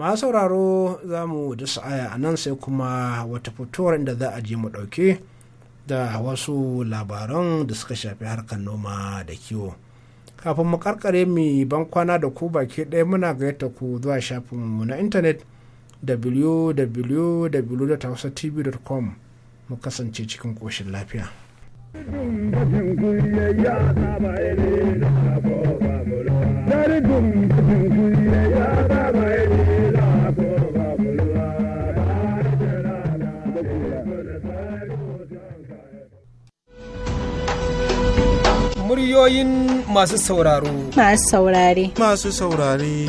A: ma sauraro za mu da sa'aya a nan sai kuma wata fitowar inda za a je mu ɗauke da wasu labaran da suka shafi harkar noma da kiwo kafin mu karkare mu ban kwana da ku baki ɗaya muna gayyata ku zuwa shafinmu na intanet www.hausatv.com mu kasance cikin koshin lafiya. Dari dum ya
I: Muryoyin masu sauraro.
D: Masu saurare.
I: Masu saurare.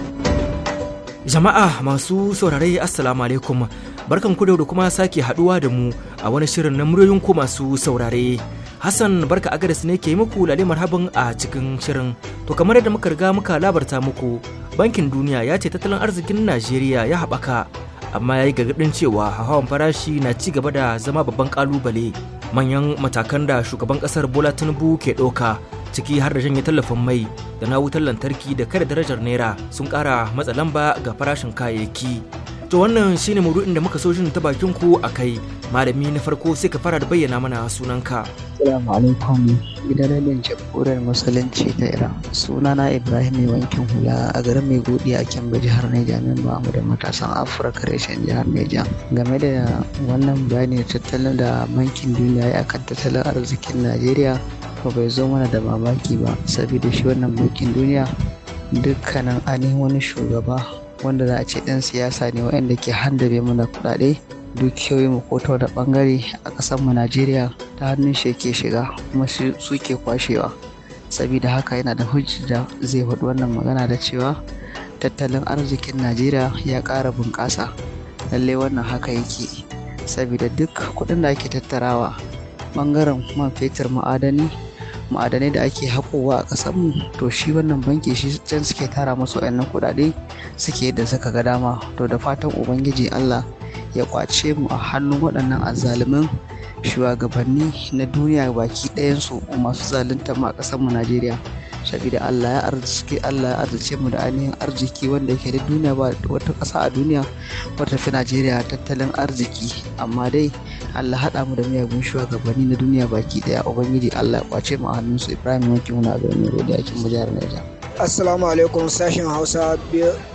I: Jama'a masu saurare Assalamu alaikum. Barkan ku da kuma sake haduwa da mu a wani shirin na muryoyin ku masu saurare. Hassan barka agares ne ke muku lalle marhaban a cikin shirin. To kamar yadda muka riga muka labarta muku, Bankin Duniya ya ce tattalin arzikin Najeriya ya haɓaka amma ya yi gargaɗin cewa hawan farashi na ci gaba da zama babban ƙalubale manyan matakan da shugaban ƙasar bola tinubu ke ɗauka ciki har da janye tallafin mai da na wutar lantarki da kare darajar naira sun ƙara matsa lamba ga farashin kayayyaki To wannan shine maudu'in da muka so shi ta bakin ku a kai. Malami na farko sai ka fara da bayyana mana sunanka.
B: Assalamu alaikum gidan radiyon jagorar musulunci ta Iran. Sunana Ibrahim mai wankin hula a garin mai godi a Kemba jihar Niger min ba mu da matasan Afirka reshen jihar Niger. Game da wannan bayani tattalin da bankin duniya ya akan tattalin arzikin Najeriya to bai zo mana da mamaki ba saboda shi wannan bankin duniya dukkanin ainihin wani shugaba wanda za a ce ɗan siyasa ne wanda ke handabe mana kuɗaɗe mu ko ta wani ɓangare a mu najeriya ta hannun shi ke shiga kuma su ke kwashewa saboda haka yana da hujja zai faɗi wannan magana da cewa tattalin arzikin najeriya ya ƙara bunƙasa lallai wannan haka yake saboda duk kuɗin da ake tattarawa ɓangaren man fetur ma'adani ma'adanai da ake haƙowa a ƙasar mu to shi wannan banki shi can suke tara musu wayannan kuɗaɗe suke yadda suka ga dama to da fatan ubangiji Allah ya kwace mu a hannun waɗannan azzalumin shugabanni na duniya baki ɗayansu masu zalunta mu a ƙasar mu Najeriya. saboda Allah ya arziki Allah ya arzice mu da ainihin arziki wanda yake da duniya ba wata ƙasa a duniya wata fi Najeriya tattalin arziki amma dai Allah haɗa mu da miyagun shugabanni na duniya baki daya ubangiji Allah ya kwace mu a hannunsu Ibrahim Yankin Wuna Birnin Godiya Kin Bujar Niger. assalamu alaikum sashen hausa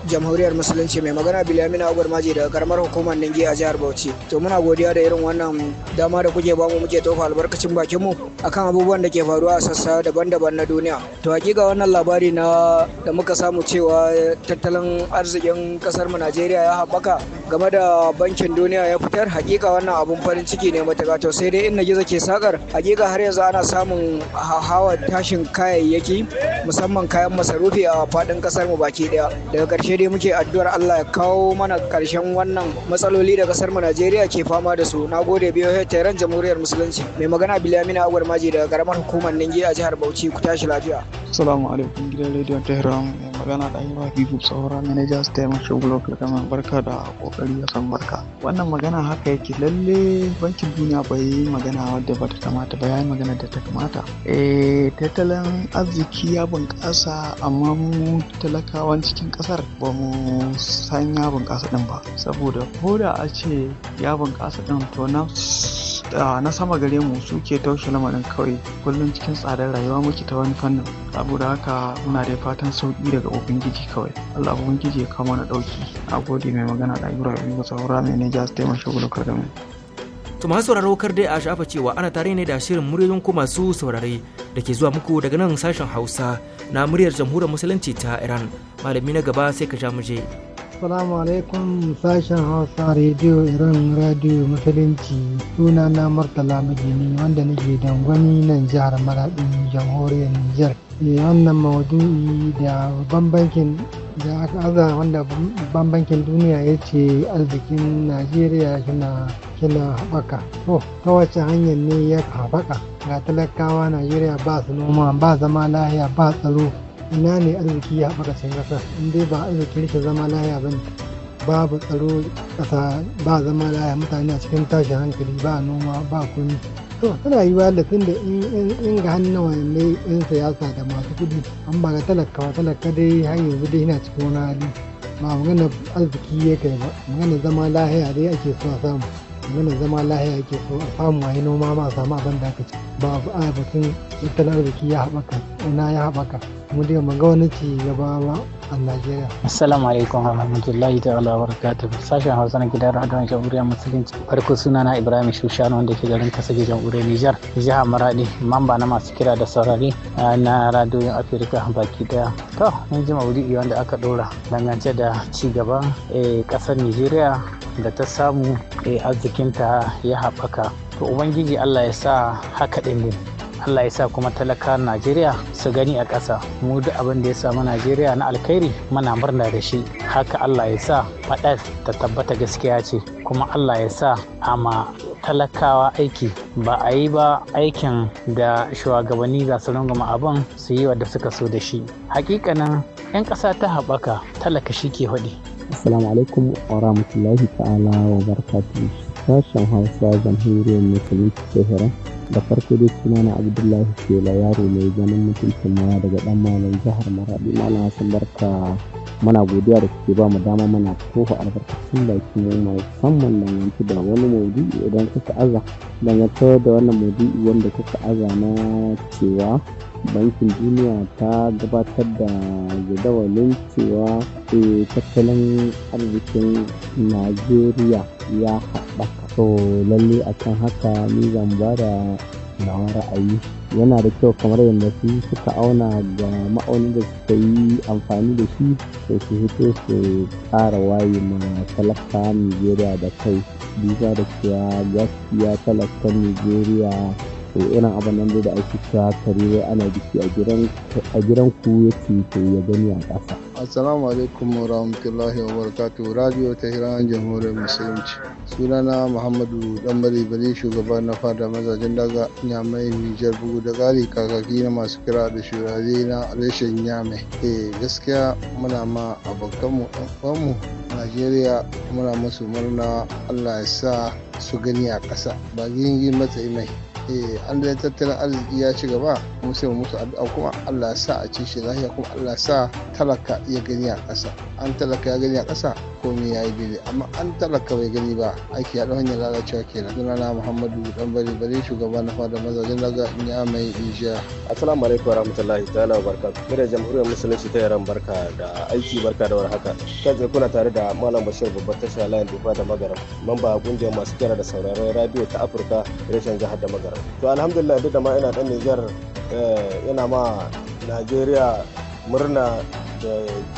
B: jamhuriyar musulunci mai magana bilyamin agwar maji daga karamar hukumar ninge a jihar bauchi to muna godiya da irin wannan dama da kuke bamu muke tofa albarkacin bakinmu mu akan abubuwan da ke faruwa a sassa daban-daban na duniya to hakika wannan labari na da muka samu cewa tattalin arzikin kasar mu najeriya ya haɓaka game da bankin duniya ya fitar hakika wannan abun farin ciki ne matuƙa to sai dai inda gizo ke sakar hakika har yanzu ana samun hawa tashin kayayyaki musamman kayan masarufi rufe a fadin kasar mu baki daya daga karshe dai muke addu'ar Allah ya kawo mana karshen wannan matsaloli da kasar mu Najeriya ke fama da su nagode gode biyo taron jamhuriyar musulunci mai magana Bilamina Agwar Maji daga karamar hukumar Ninge a jihar Bauchi ku tashi lafiya Assalamu alaikum gidan rediyon Tehran mai magana da Ayuba Habibu Saura manager Stemma Shuglo Kalkaman barka da kokari ya san barka wannan magana haka yake lalle bankin duniya bai yi magana wadda ba ta kamata ba ya magana da ta kamata eh tattalin arziki ya bunƙasa amma mu talakawan cikin kasar ba mu san ya bunƙasa ɗin ba saboda ko da a ce ya bunƙasa din to na na sama gare mu suke taushe lamarin kawai kullum cikin tsadar rayuwa muke ta wani fannin saboda haka muna da fatan sauki daga ubangiji kawai allah ubangiji ya kama na dauki a gode mai magana da ayyura biyu saura mai ne ja su taimaka gudukar da mu
I: to sauraro kar dai a shafa cewa ana tare ne da shirin muryoyin ku masu saurare da ke zuwa muku daga nan sashen hausa na muryar jamhuriyar musulunci ta iran malami na gaba sai ka sha
J: Assalamu alaikum sashen Hausa Radio Iran Radio Musulunci suna na Murtala majini wanda nake dangwani nan jihar Maraɗi jamhuriyar Nijar. Eh, wannan maudu'i da babban da aka aza wanda banbankin duniya ya ce arzikin Najeriya suna Kina haɓaka to ta wace hanyar ne ya haɓaka ga talakawa najeriya ba su noma ba zama lahiya ba tsaro ina ne arziki ya haɓaka can ƙasar in dai ba arziki rike zama lahiya ba ne babu tsaro ƙasa ba zama lahiya mutane a cikin tashin hankali ba noma ba kuni, to tana yi da lafin da in ga hannun wani yan siyasa da masu kuɗi an ba ga talakawa talaka dai har yanzu dai yana cikin wani hali ba magana arziki ya kai ba magana zama lahiya dai ake so samu mana zama lahiya ke so a samu noma ma a samu abin da aka ci ba a batun tattalin arziki ya haɓaka ina ya haɓaka mu dai mun ga wani ci gaba ba a Najeriya.
K: Assalamu alaikum rahmatullahi ta'ala wa barakatuh. Sashen Hausa na gidan Radon Jamhuriyar Musulunci. Farko suna na Ibrahim Shushano wanda ke garin Kasage Jamhuriyar Nijar, jiha Maradi, mamba na masu kira da saurari na radiyon Afirka baki daya. To, mun ji maudu'i wanda aka dora dangance da ci gaban kasar eh, Nijeriya da ta samu eh, arziki cikinta ya haɓaka to ubangiji allah ya sa haka ɗin allah ya sa kuma talaka najeriya su gani a ƙasa mu duk abin da ya samu najeriya na alkhairi muna murna da shi haka allah ya sa faɗar ta tabbata gaskiya ce kuma allah ya sa ama talakawa aiki ba a yi ba aikin da shugabanni za su rungama abin su yi wadda suka so da shi hakikanin 'yan ƙasa ta haɓaka talaka shi ke haɗi
L: assalamu alaikum wa rahmatullahi ta'ala wa barakatuhu sashen hausa jamhuriyar musulunci tehran da farko dai suna na abdullahi shela yaro mai ganin mutuncin ma daga ɗan malam jihar maradi malam hassan barka mana godiya da kuke ba mu dama mana toho albarkacin baki ne musamman da wani modi idan kuka aza dangantar da wannan modi wanda kuka aza na cewa bankin duniya ta gabatar da jadawalin cewa eh, tattalin arzikin najeriya ya haɓaka to lalle a akan haka ni zan ba da nawa ra'ayi yana da kyau kamar yadda su suka auna ga ma'aunin da suka yi amfani da shi to su fito su ƙara waye ma talaka nigeria da kai bisa da cewa gaskiya talakan nigeria to irin abin nan da ake cewa kare ana biki a gidan ku ya to ya gani a ƙasa.
J: Assalamu alaikum wa rahmatullahi wa barakatu radio ta hiran jamhuriyar musulunci. Sunana Muhammadu dan bari shugaban na fada mazajen daga Nyamai Nijar bugu da gari kakaki na masu kira da shurare na reshen Nyamai. Eh gaskiya muna ma abokanmu ɗan uwanmu Najeriya muna musu murna Allah ya sa su gani a ƙasa ba yin yi matsayi mai Eh, an da tattalin arziki ya ci gaba mu sai mu musu addu'a kuma Allah sa a ci shi lafiya kuma Allah sa talaka ya gani a ƙasa an talaka ya gani a ƙasa komai ya yi daidai amma an talaka bai gani ba aiki ya hanyar lalacewa kenan sunana Muhammadu dan bari bari shugaba na fada mazajen daga ya mai ijiya.
M: Assalamu alaikum warahmatullahi ta'ala wabarakatuh mura jamhuriyar musulunci ta yaran barka da aiki barka da haka kai kuna tare da Malam Bashir babbar tasha layin Dufa da Magaram mamba kungiyar masu kira da sauraron radio ta Afirka reshen jihar da Magaram to alhamdulillah duk da ma ina dan Nijar yana eh, ma Najeriya murna da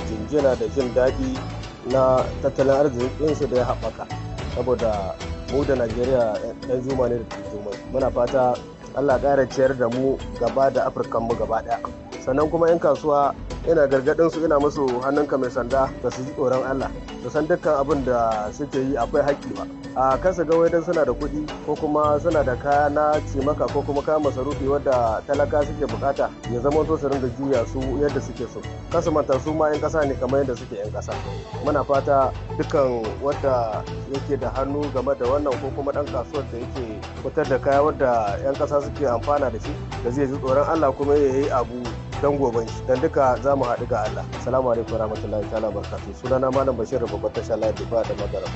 M: jinjina da jin daɗi na tattalin arzikin su da ya haɓaka saboda mu da Najeriya eh, ɗan zuma ne da muna fata Allah ƙara ciyar da mu gaba da Afirkan mu gaba ɗaya sannan kuma 'yan kasuwa ina gargadin su ina musu hannunka mai sanda da su ji tsoron Allah da san dukkan abin da suke yi akwai haƙƙi ba a kansa ga wadan suna da kuɗi ko kuma suna da kaya na cimaka ko kuma kaya masarufi wadda talaka suke bukata ya zama to su ringa juya su yadda suke so kasu manta su ma 'yan ƙasa ne kamar yadda suke 'yan ƙasa muna fata dukkan wadda yake da hannu game da wannan ko kuma dan kasuwar da yake fitar da kaya wadda 'yan ƙasa suke amfana da shi da zai ji tsoron Allah kuma ya yi abu don goben shi don duka za mu haɗu ga Allah assalamu alaikum warahmatullahi ta'ala barkatu sunana malam bashir babban tasha lafiya da magana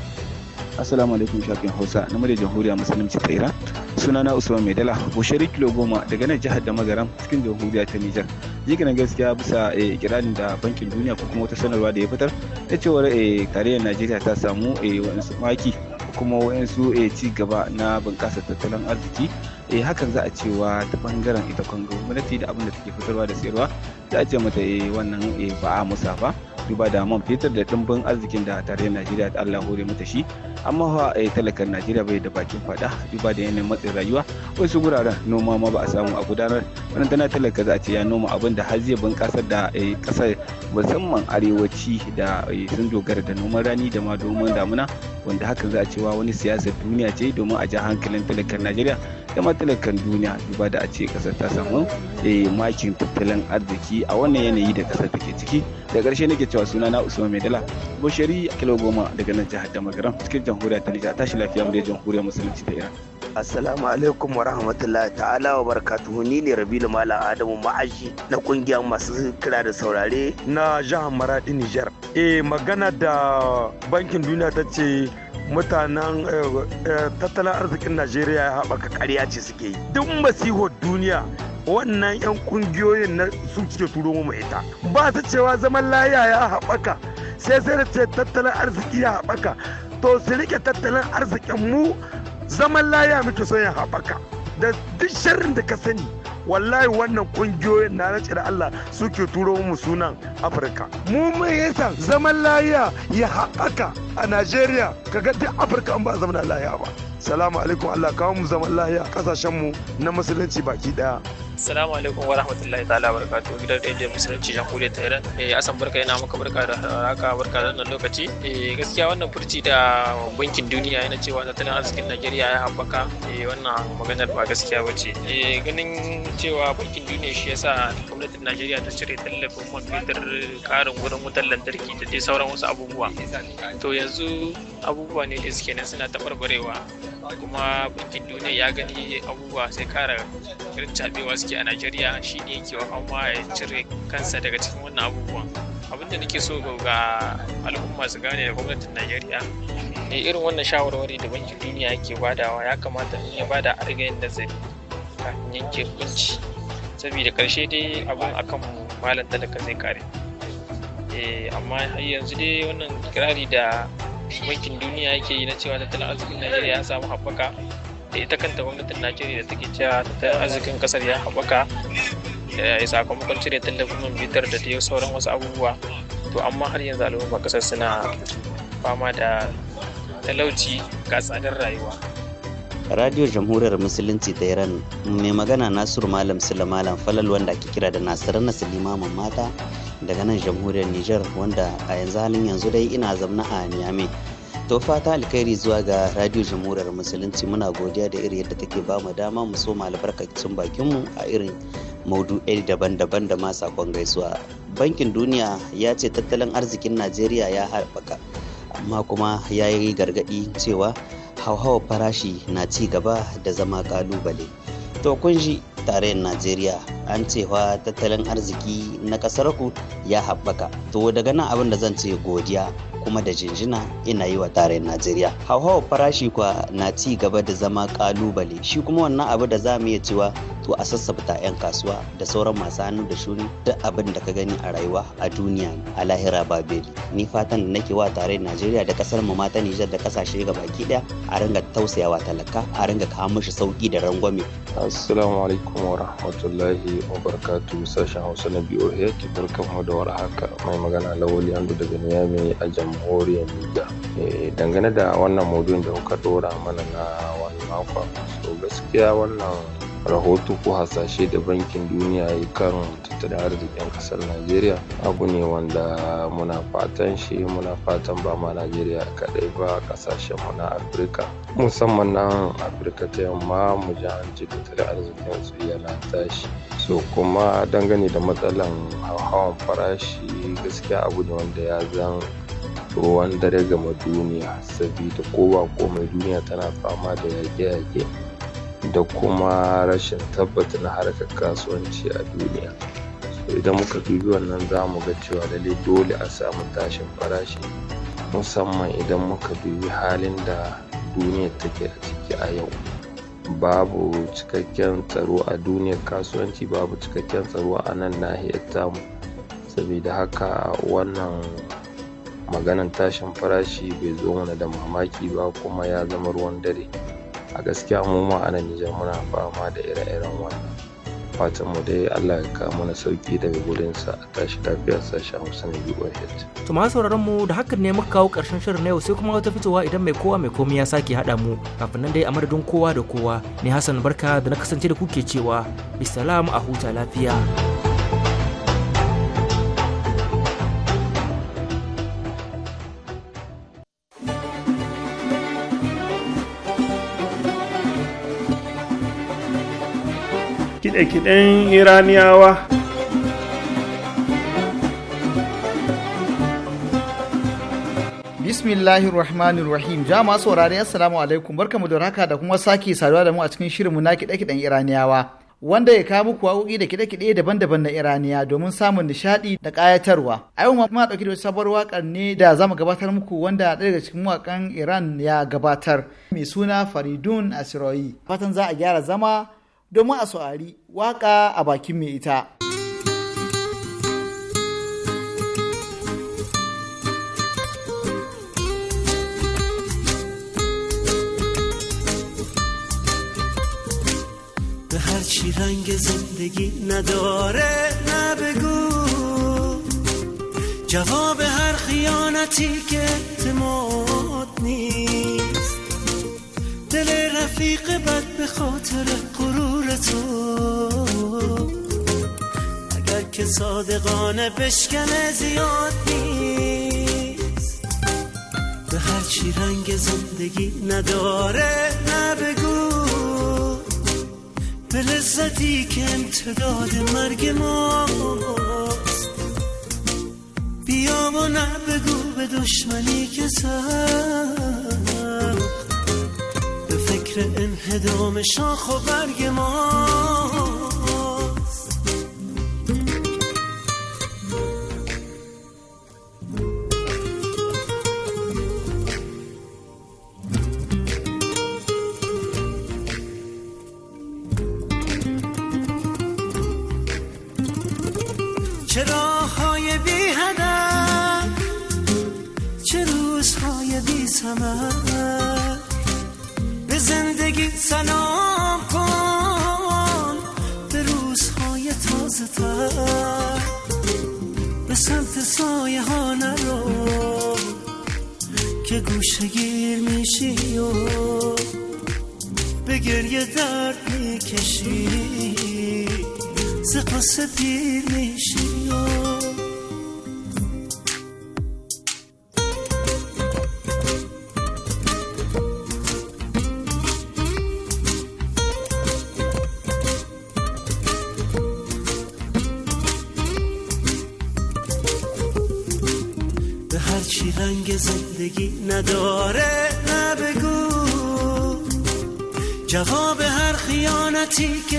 N: assalamu alaikum shafin hausa na murya jamhuriya musulunci ta iran sunana usman maidala bushari kilo goma daga nan jihar da magaram cikin jamhuriya ta nijar jikin gaskiya bisa eh, ikirarin da bankin duniya ko kuma wata sanarwa da ya fitar ta cewar eh, tarayyar najeriya ta samu eh, wani maki kuma wa'insu ci gaba na bunƙasa tattalin arziki eh hakan za a cewa ta bangaren ita kwan gwamnati da abin da take fitarwa da sayarwa za a ce mata eh wannan eh ba a musa ba duba da man fetur da dimbin arzikin da na najeriya da allah hore mata shi amma fa eh talakar najeriya bai da bakin fada duba da yanayin matsayin rayuwa wasu guraren noma ma ba a samu a gudanar wannan tana talaka za a ce ya noma abin da har zai bunƙasar da eh, ƙasar musamman arewaci da eh, sun dogara da noman rani da ma domin damuna wanda hakan za a cewa wani siyasar duniya ce domin a ja hankalin talakar najeriya da matalakan duniya duba da a ce kasar ta samu eh, makin tattalin arziki a wannan yanayi da kasar take ciki da ƙarshe nake cewa suna na usman maidala a kilo goma daga nan jihar damagaram cikin jamhuriyar ta nijar tashi lafiya mu da jamhuriyar musulunci ta iran
I: Assalamu alaikum wa rahmatullahi ta'ala wa barakatuhu ni ne Rabilu Malam Adamu Ma'aji na kungiyar masu kira da saurare
O: na jihar Maradi Nijar. Eh magana da bankin duniya ta ce mutanen eh, eh, tattalin arzikin najeriya ya haɓaka ƙarya ce suke yi duk masihar duniya wannan 'yan kungiyoyin na su ke turo mu ita ba su cewa zaman laya ya haɓaka sai sai da ce tattalin arziki ya haɓaka to su rike tattalin arzikin mu zaman laya muke son ya haɓaka da duk sharrin da ka sani wallahi wannan kungiyoyin na nace da Allah suke turo mu sunan Afirka mu mun yasa zaman lahiya ya haƙaka a Najeriya kaga duk Afirka an ba zaman lahiya ba salamu alaikum Allah kawo mu zaman lahiya kasashen mu na musulunci baki ɗaya.
P: Assalamu alaikum wa rahmatullahi ta'ala wa barakatuhu gidan rediyon musulunci jamhuriyar ta Iran. Eh asan barka yana maka barka da haka barka da wannan lokaci. Eh gaskiya wannan furci da bankin duniya yana cewa tattalin arzikin Najeriya ya haɓaka. Eh wannan maganar ba gaskiya bace. Eh ganin cewa bankin duniya shi yasa gwamnatin Najeriya ta cire tallafin man fetur karin wurin wutar lantarki da dai sauran wasu abubuwa. To yanzu abubuwa ne da suke nan suna taɓarɓarewa. kuma bankin duniya ya gani abubuwa sai kara cabewa suke a najeriya shi ne wa ya cire kansa daga cikin wannan abubuwan abin da nake so ga al'umma su gane da gwamnatin najeriya da eh, irin wannan shawarwari da bankin duniya yake badawa ya kamata in ya bada a nazari kafin yanke hukunci saboda karshe dai abin akan da ka zai kare eh, amma har yanzu dai wannan kirari da bankin duniya yake yi na cewa tattalin arzikin najeriya ya samu haɓaka da ita kanta gwamnatin najeriya da take cewa tattalin arzikin kasar ya haɓaka ya sakamakon cire tallafin man bitar da dai sauran wasu abubuwa to amma har yanzu al'umma kasar suna fama da talauci ga tsadar rayuwa
Q: Radio Jamhuriyar Musulunci ta Iran mai magana Nasiru Malam Sula Malam Falal wanda ake kira da Nasiru Limamin Mata daga nan Jamhuriyar Nijar wanda a yanzu halin yanzu dai ina zamna a Niamey. To fata alkhairi zuwa ga Radio Jamhuriyar Musulunci muna godiya da iri yadda take ba mu dama mu soma albarkacin bakinmu a irin maudu'ai daban-daban da ma sakon gaisuwa. Bankin Duniya ya ce tattalin arzikin Najeriya ya haɓaka amma kuma ya yi gargaɗi cewa hauhawar farashi na ci gaba da zama kalubale to kun ji tarayyar najeriya an cewa tattalin arziki na kasar ku ya haɓaka to daga nan abin da zan ce godiya kuma da jinjina ina yi wa tarayyar Najeriya. hauhawa farashi kwa na ci gaba da zama kalubale shi kuma wannan abu da za mu iya cewa to a sassabta 'yan kasuwa da sauran masu hannu da shuni duk abin da ka gani a rayuwa a duniya a lahira ba Ni fatan da nake wa tarayyar Najeriya da kasar mu mata Nijar da kasashe baki daya a ringa tausayawa talaka a ringa kawo mishi sauki da rangwame. Assalamu alaikum wa rahmatullahi wa barakatuhu sashen Hausa na barkan barkamu da warhaka
R: mai magana Lawali Andu daga Niamey a jamhuriyar E, eh, Dangane da wannan maudu'in da kuka ɗora mana na wani makon, so gaskiya wannan rahoto ko hasashe da bankin duniya ya kan tattalin arzikin kasar najeriya abu ne wanda muna fatan shi muna fatan ba ma najeriya kaɗai ba ƙasashen mu na afirka musamman na afirka ta yamma mu ji an ce tattalin arzikin su yana tashi so kuma dangane da matsalan hauhawan farashi gaskiya abu ne wanda ya zan Ruwan dare game duniya sabida kowa komai duniya tana fama da yaƙe-yaƙe da kuma rashin na harkar kasuwanci a duniya idan muka dubi wannan za mu ga cewa lalle dole a samu tashin farashi musamman idan muka dubi halin da duniya take a ciki a yau babu cikakken tsaro a duniyar kasuwanci babu cikakken tsaro a nan nahiyar tamu sabida haka wannan maganan tashin farashi bai zo mana da mamaki ba kuma ya zama ruwan dare a gaskiya mu ma a nan Nijar muna fama da ire-iren wannan fatan mu dai Allah ya kawo mana sauki daga gurin sa a tashi lafiya sashi Hausa na BOH
I: to ma sauraron mu da hakan ne muka kawo karshen shirin na yau sai kuma wata fitowa idan mai kowa mai komai ya sake haɗa mu kafin nan dai a madadin kowa da kowa ne Hassan barka da na kasance da kuke cewa bisalamu a huta lafiya
B: kiɗe-kiɗen iraniyawa bismillahir rahmanir rahim jama'a saurare assalamu alaikum barkamu da raka da kuma sake saduwa da mu a cikin shirinmu na kiɗe-kiɗen iraniyawa wanda ya kawo muku waƙoƙi da kiɗe-kiɗe daban-daban na iraniya domin samun nishaɗi da ƙayatarwa a yau ma ɗauki da sabuwar waƙar ne da za mu gabatar muku wanda ɗaya daga cikin waƙan iran ya gabatar mai suna faridun asiroyi fatan za a gyara zama domin a saurari waka a bakin mai ita.
S: هرچی
T: رنگ زندگی نداره نبگو جواب هر خیانتی که اعتماد نیست دل رفیق بد به خاطر قرور تو اگر که صادقانه بشکنه زیاد نیست به هرچی رنگ زندگی نداره نبگو به لذتی که امتداد مرگ ما بیا و نبگو به دشمنی که سر فکر انهدام شاخ و برگ ما politique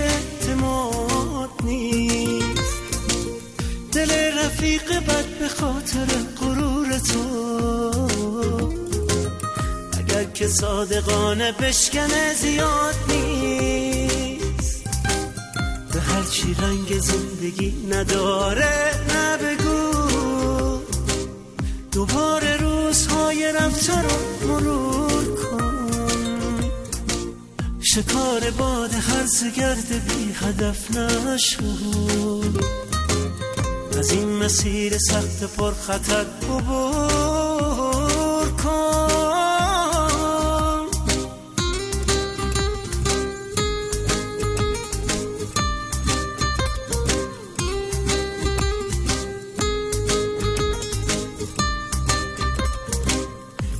T: سخت پر خطر عبور کن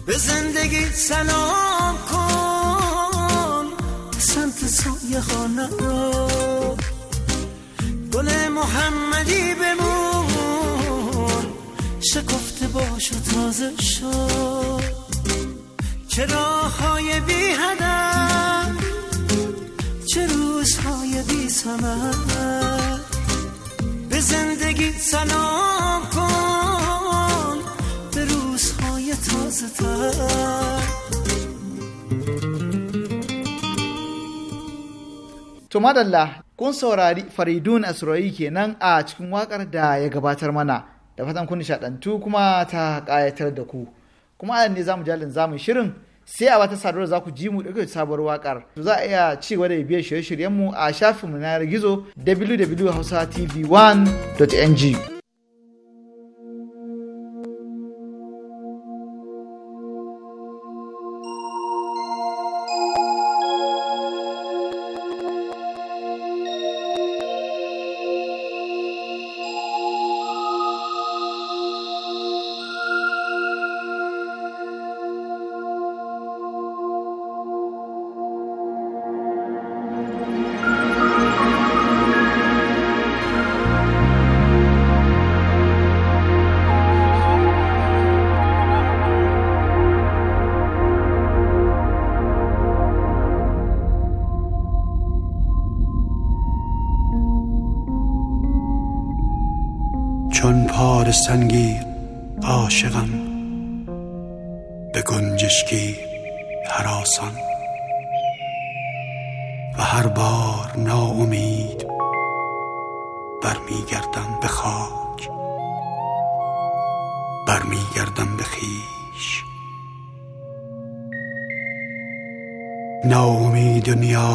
T: به زندگی سلام کن سمت سایه خانه را گل محمدی بمون همیشه گفته باش و تازه شد چه راه بی هدر چه روز های بی سمر به زندگی سلام
B: کن به روز های تازه تر تو مدالله کنسورا فریدون اسرائی که ننگ آج کنگوه کرده یک باتر منه da fatan kun nishaɗantu kuma ta ƙayatar da ku kuma anan ne zamu jalin zamu shirin sai a wata sadarwar za ku ji mu ɗauke sabuwar waƙar. to za a iya ci gaba da biyan shirye mu a shafin na gizo www.hausatv1.ng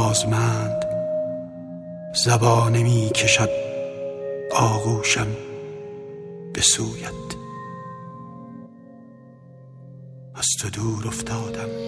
U: نیازمند زبانه می کشد آغوشم به سویت از تو دور افتادم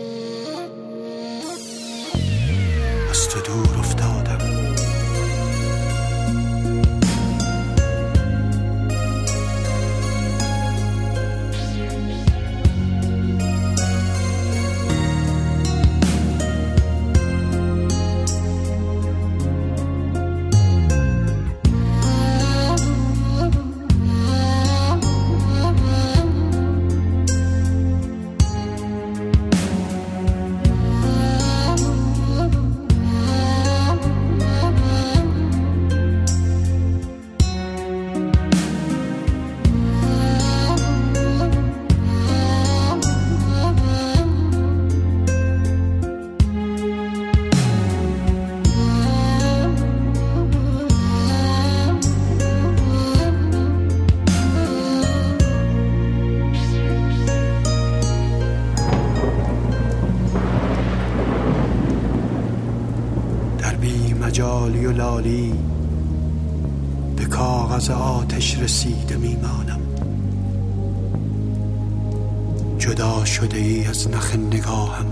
U: از نخ نگاهم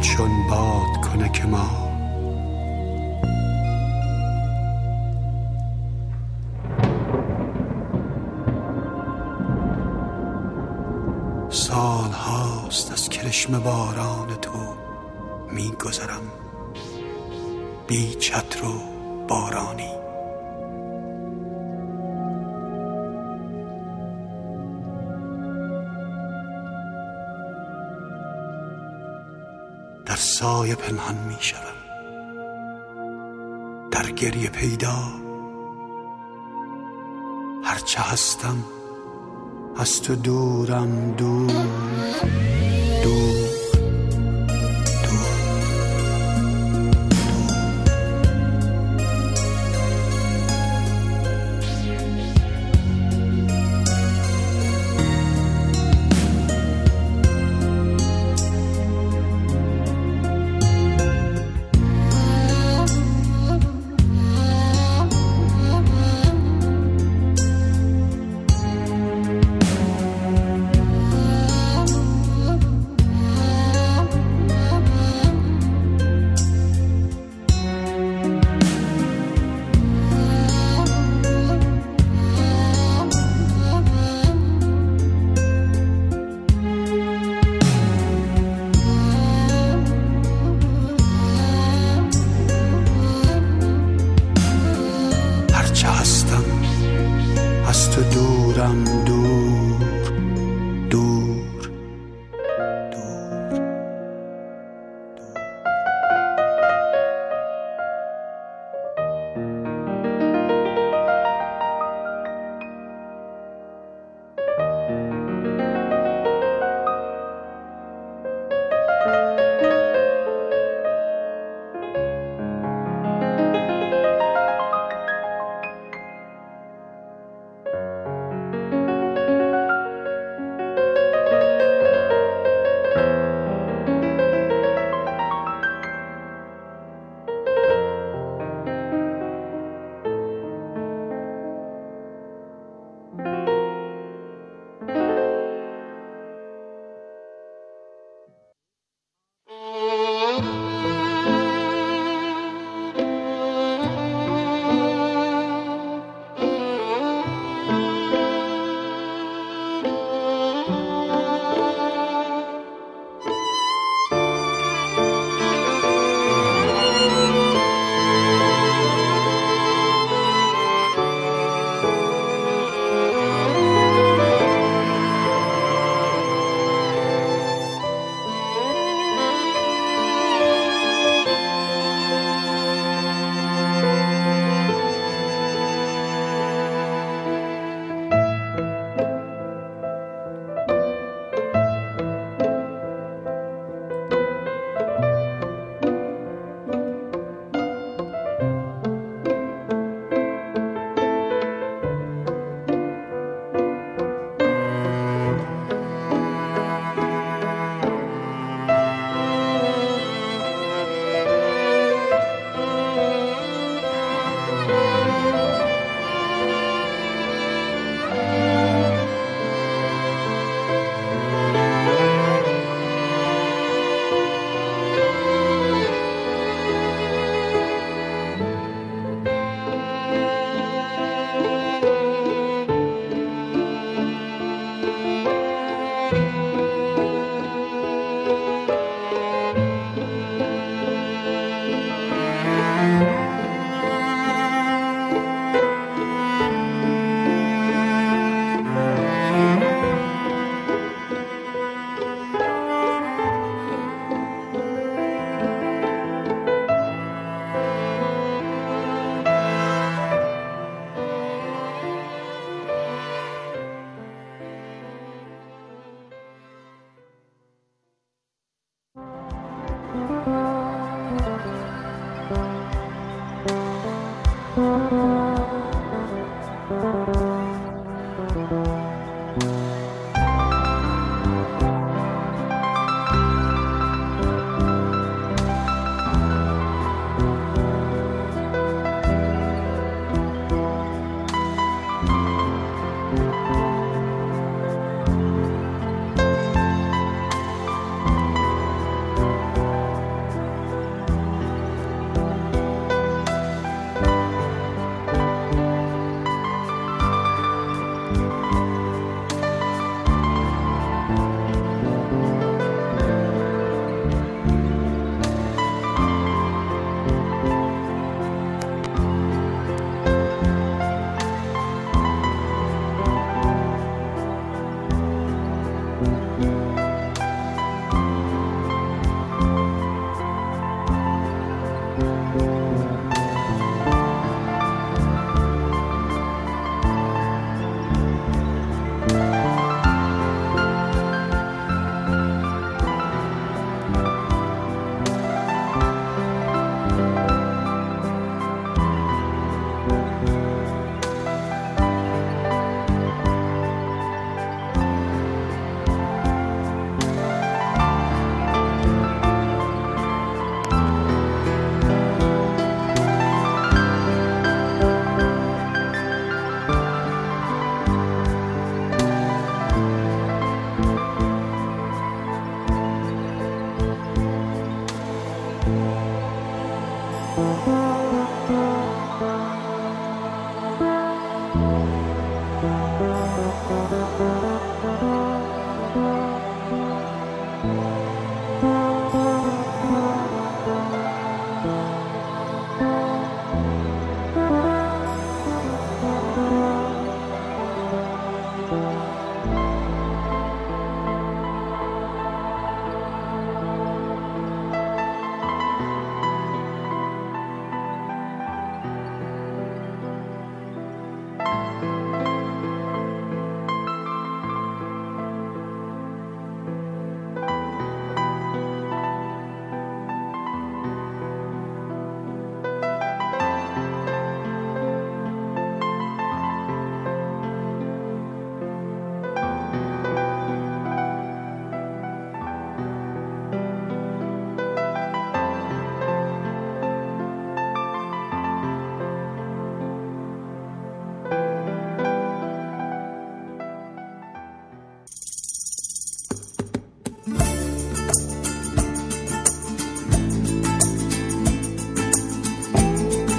U: چون باد که ما سال هاست از کرشم باران تو می گذرم بی چتر و بارانی سایه پنهان می شدم در گریه پیدا هرچه هستم از تو دورم دور دور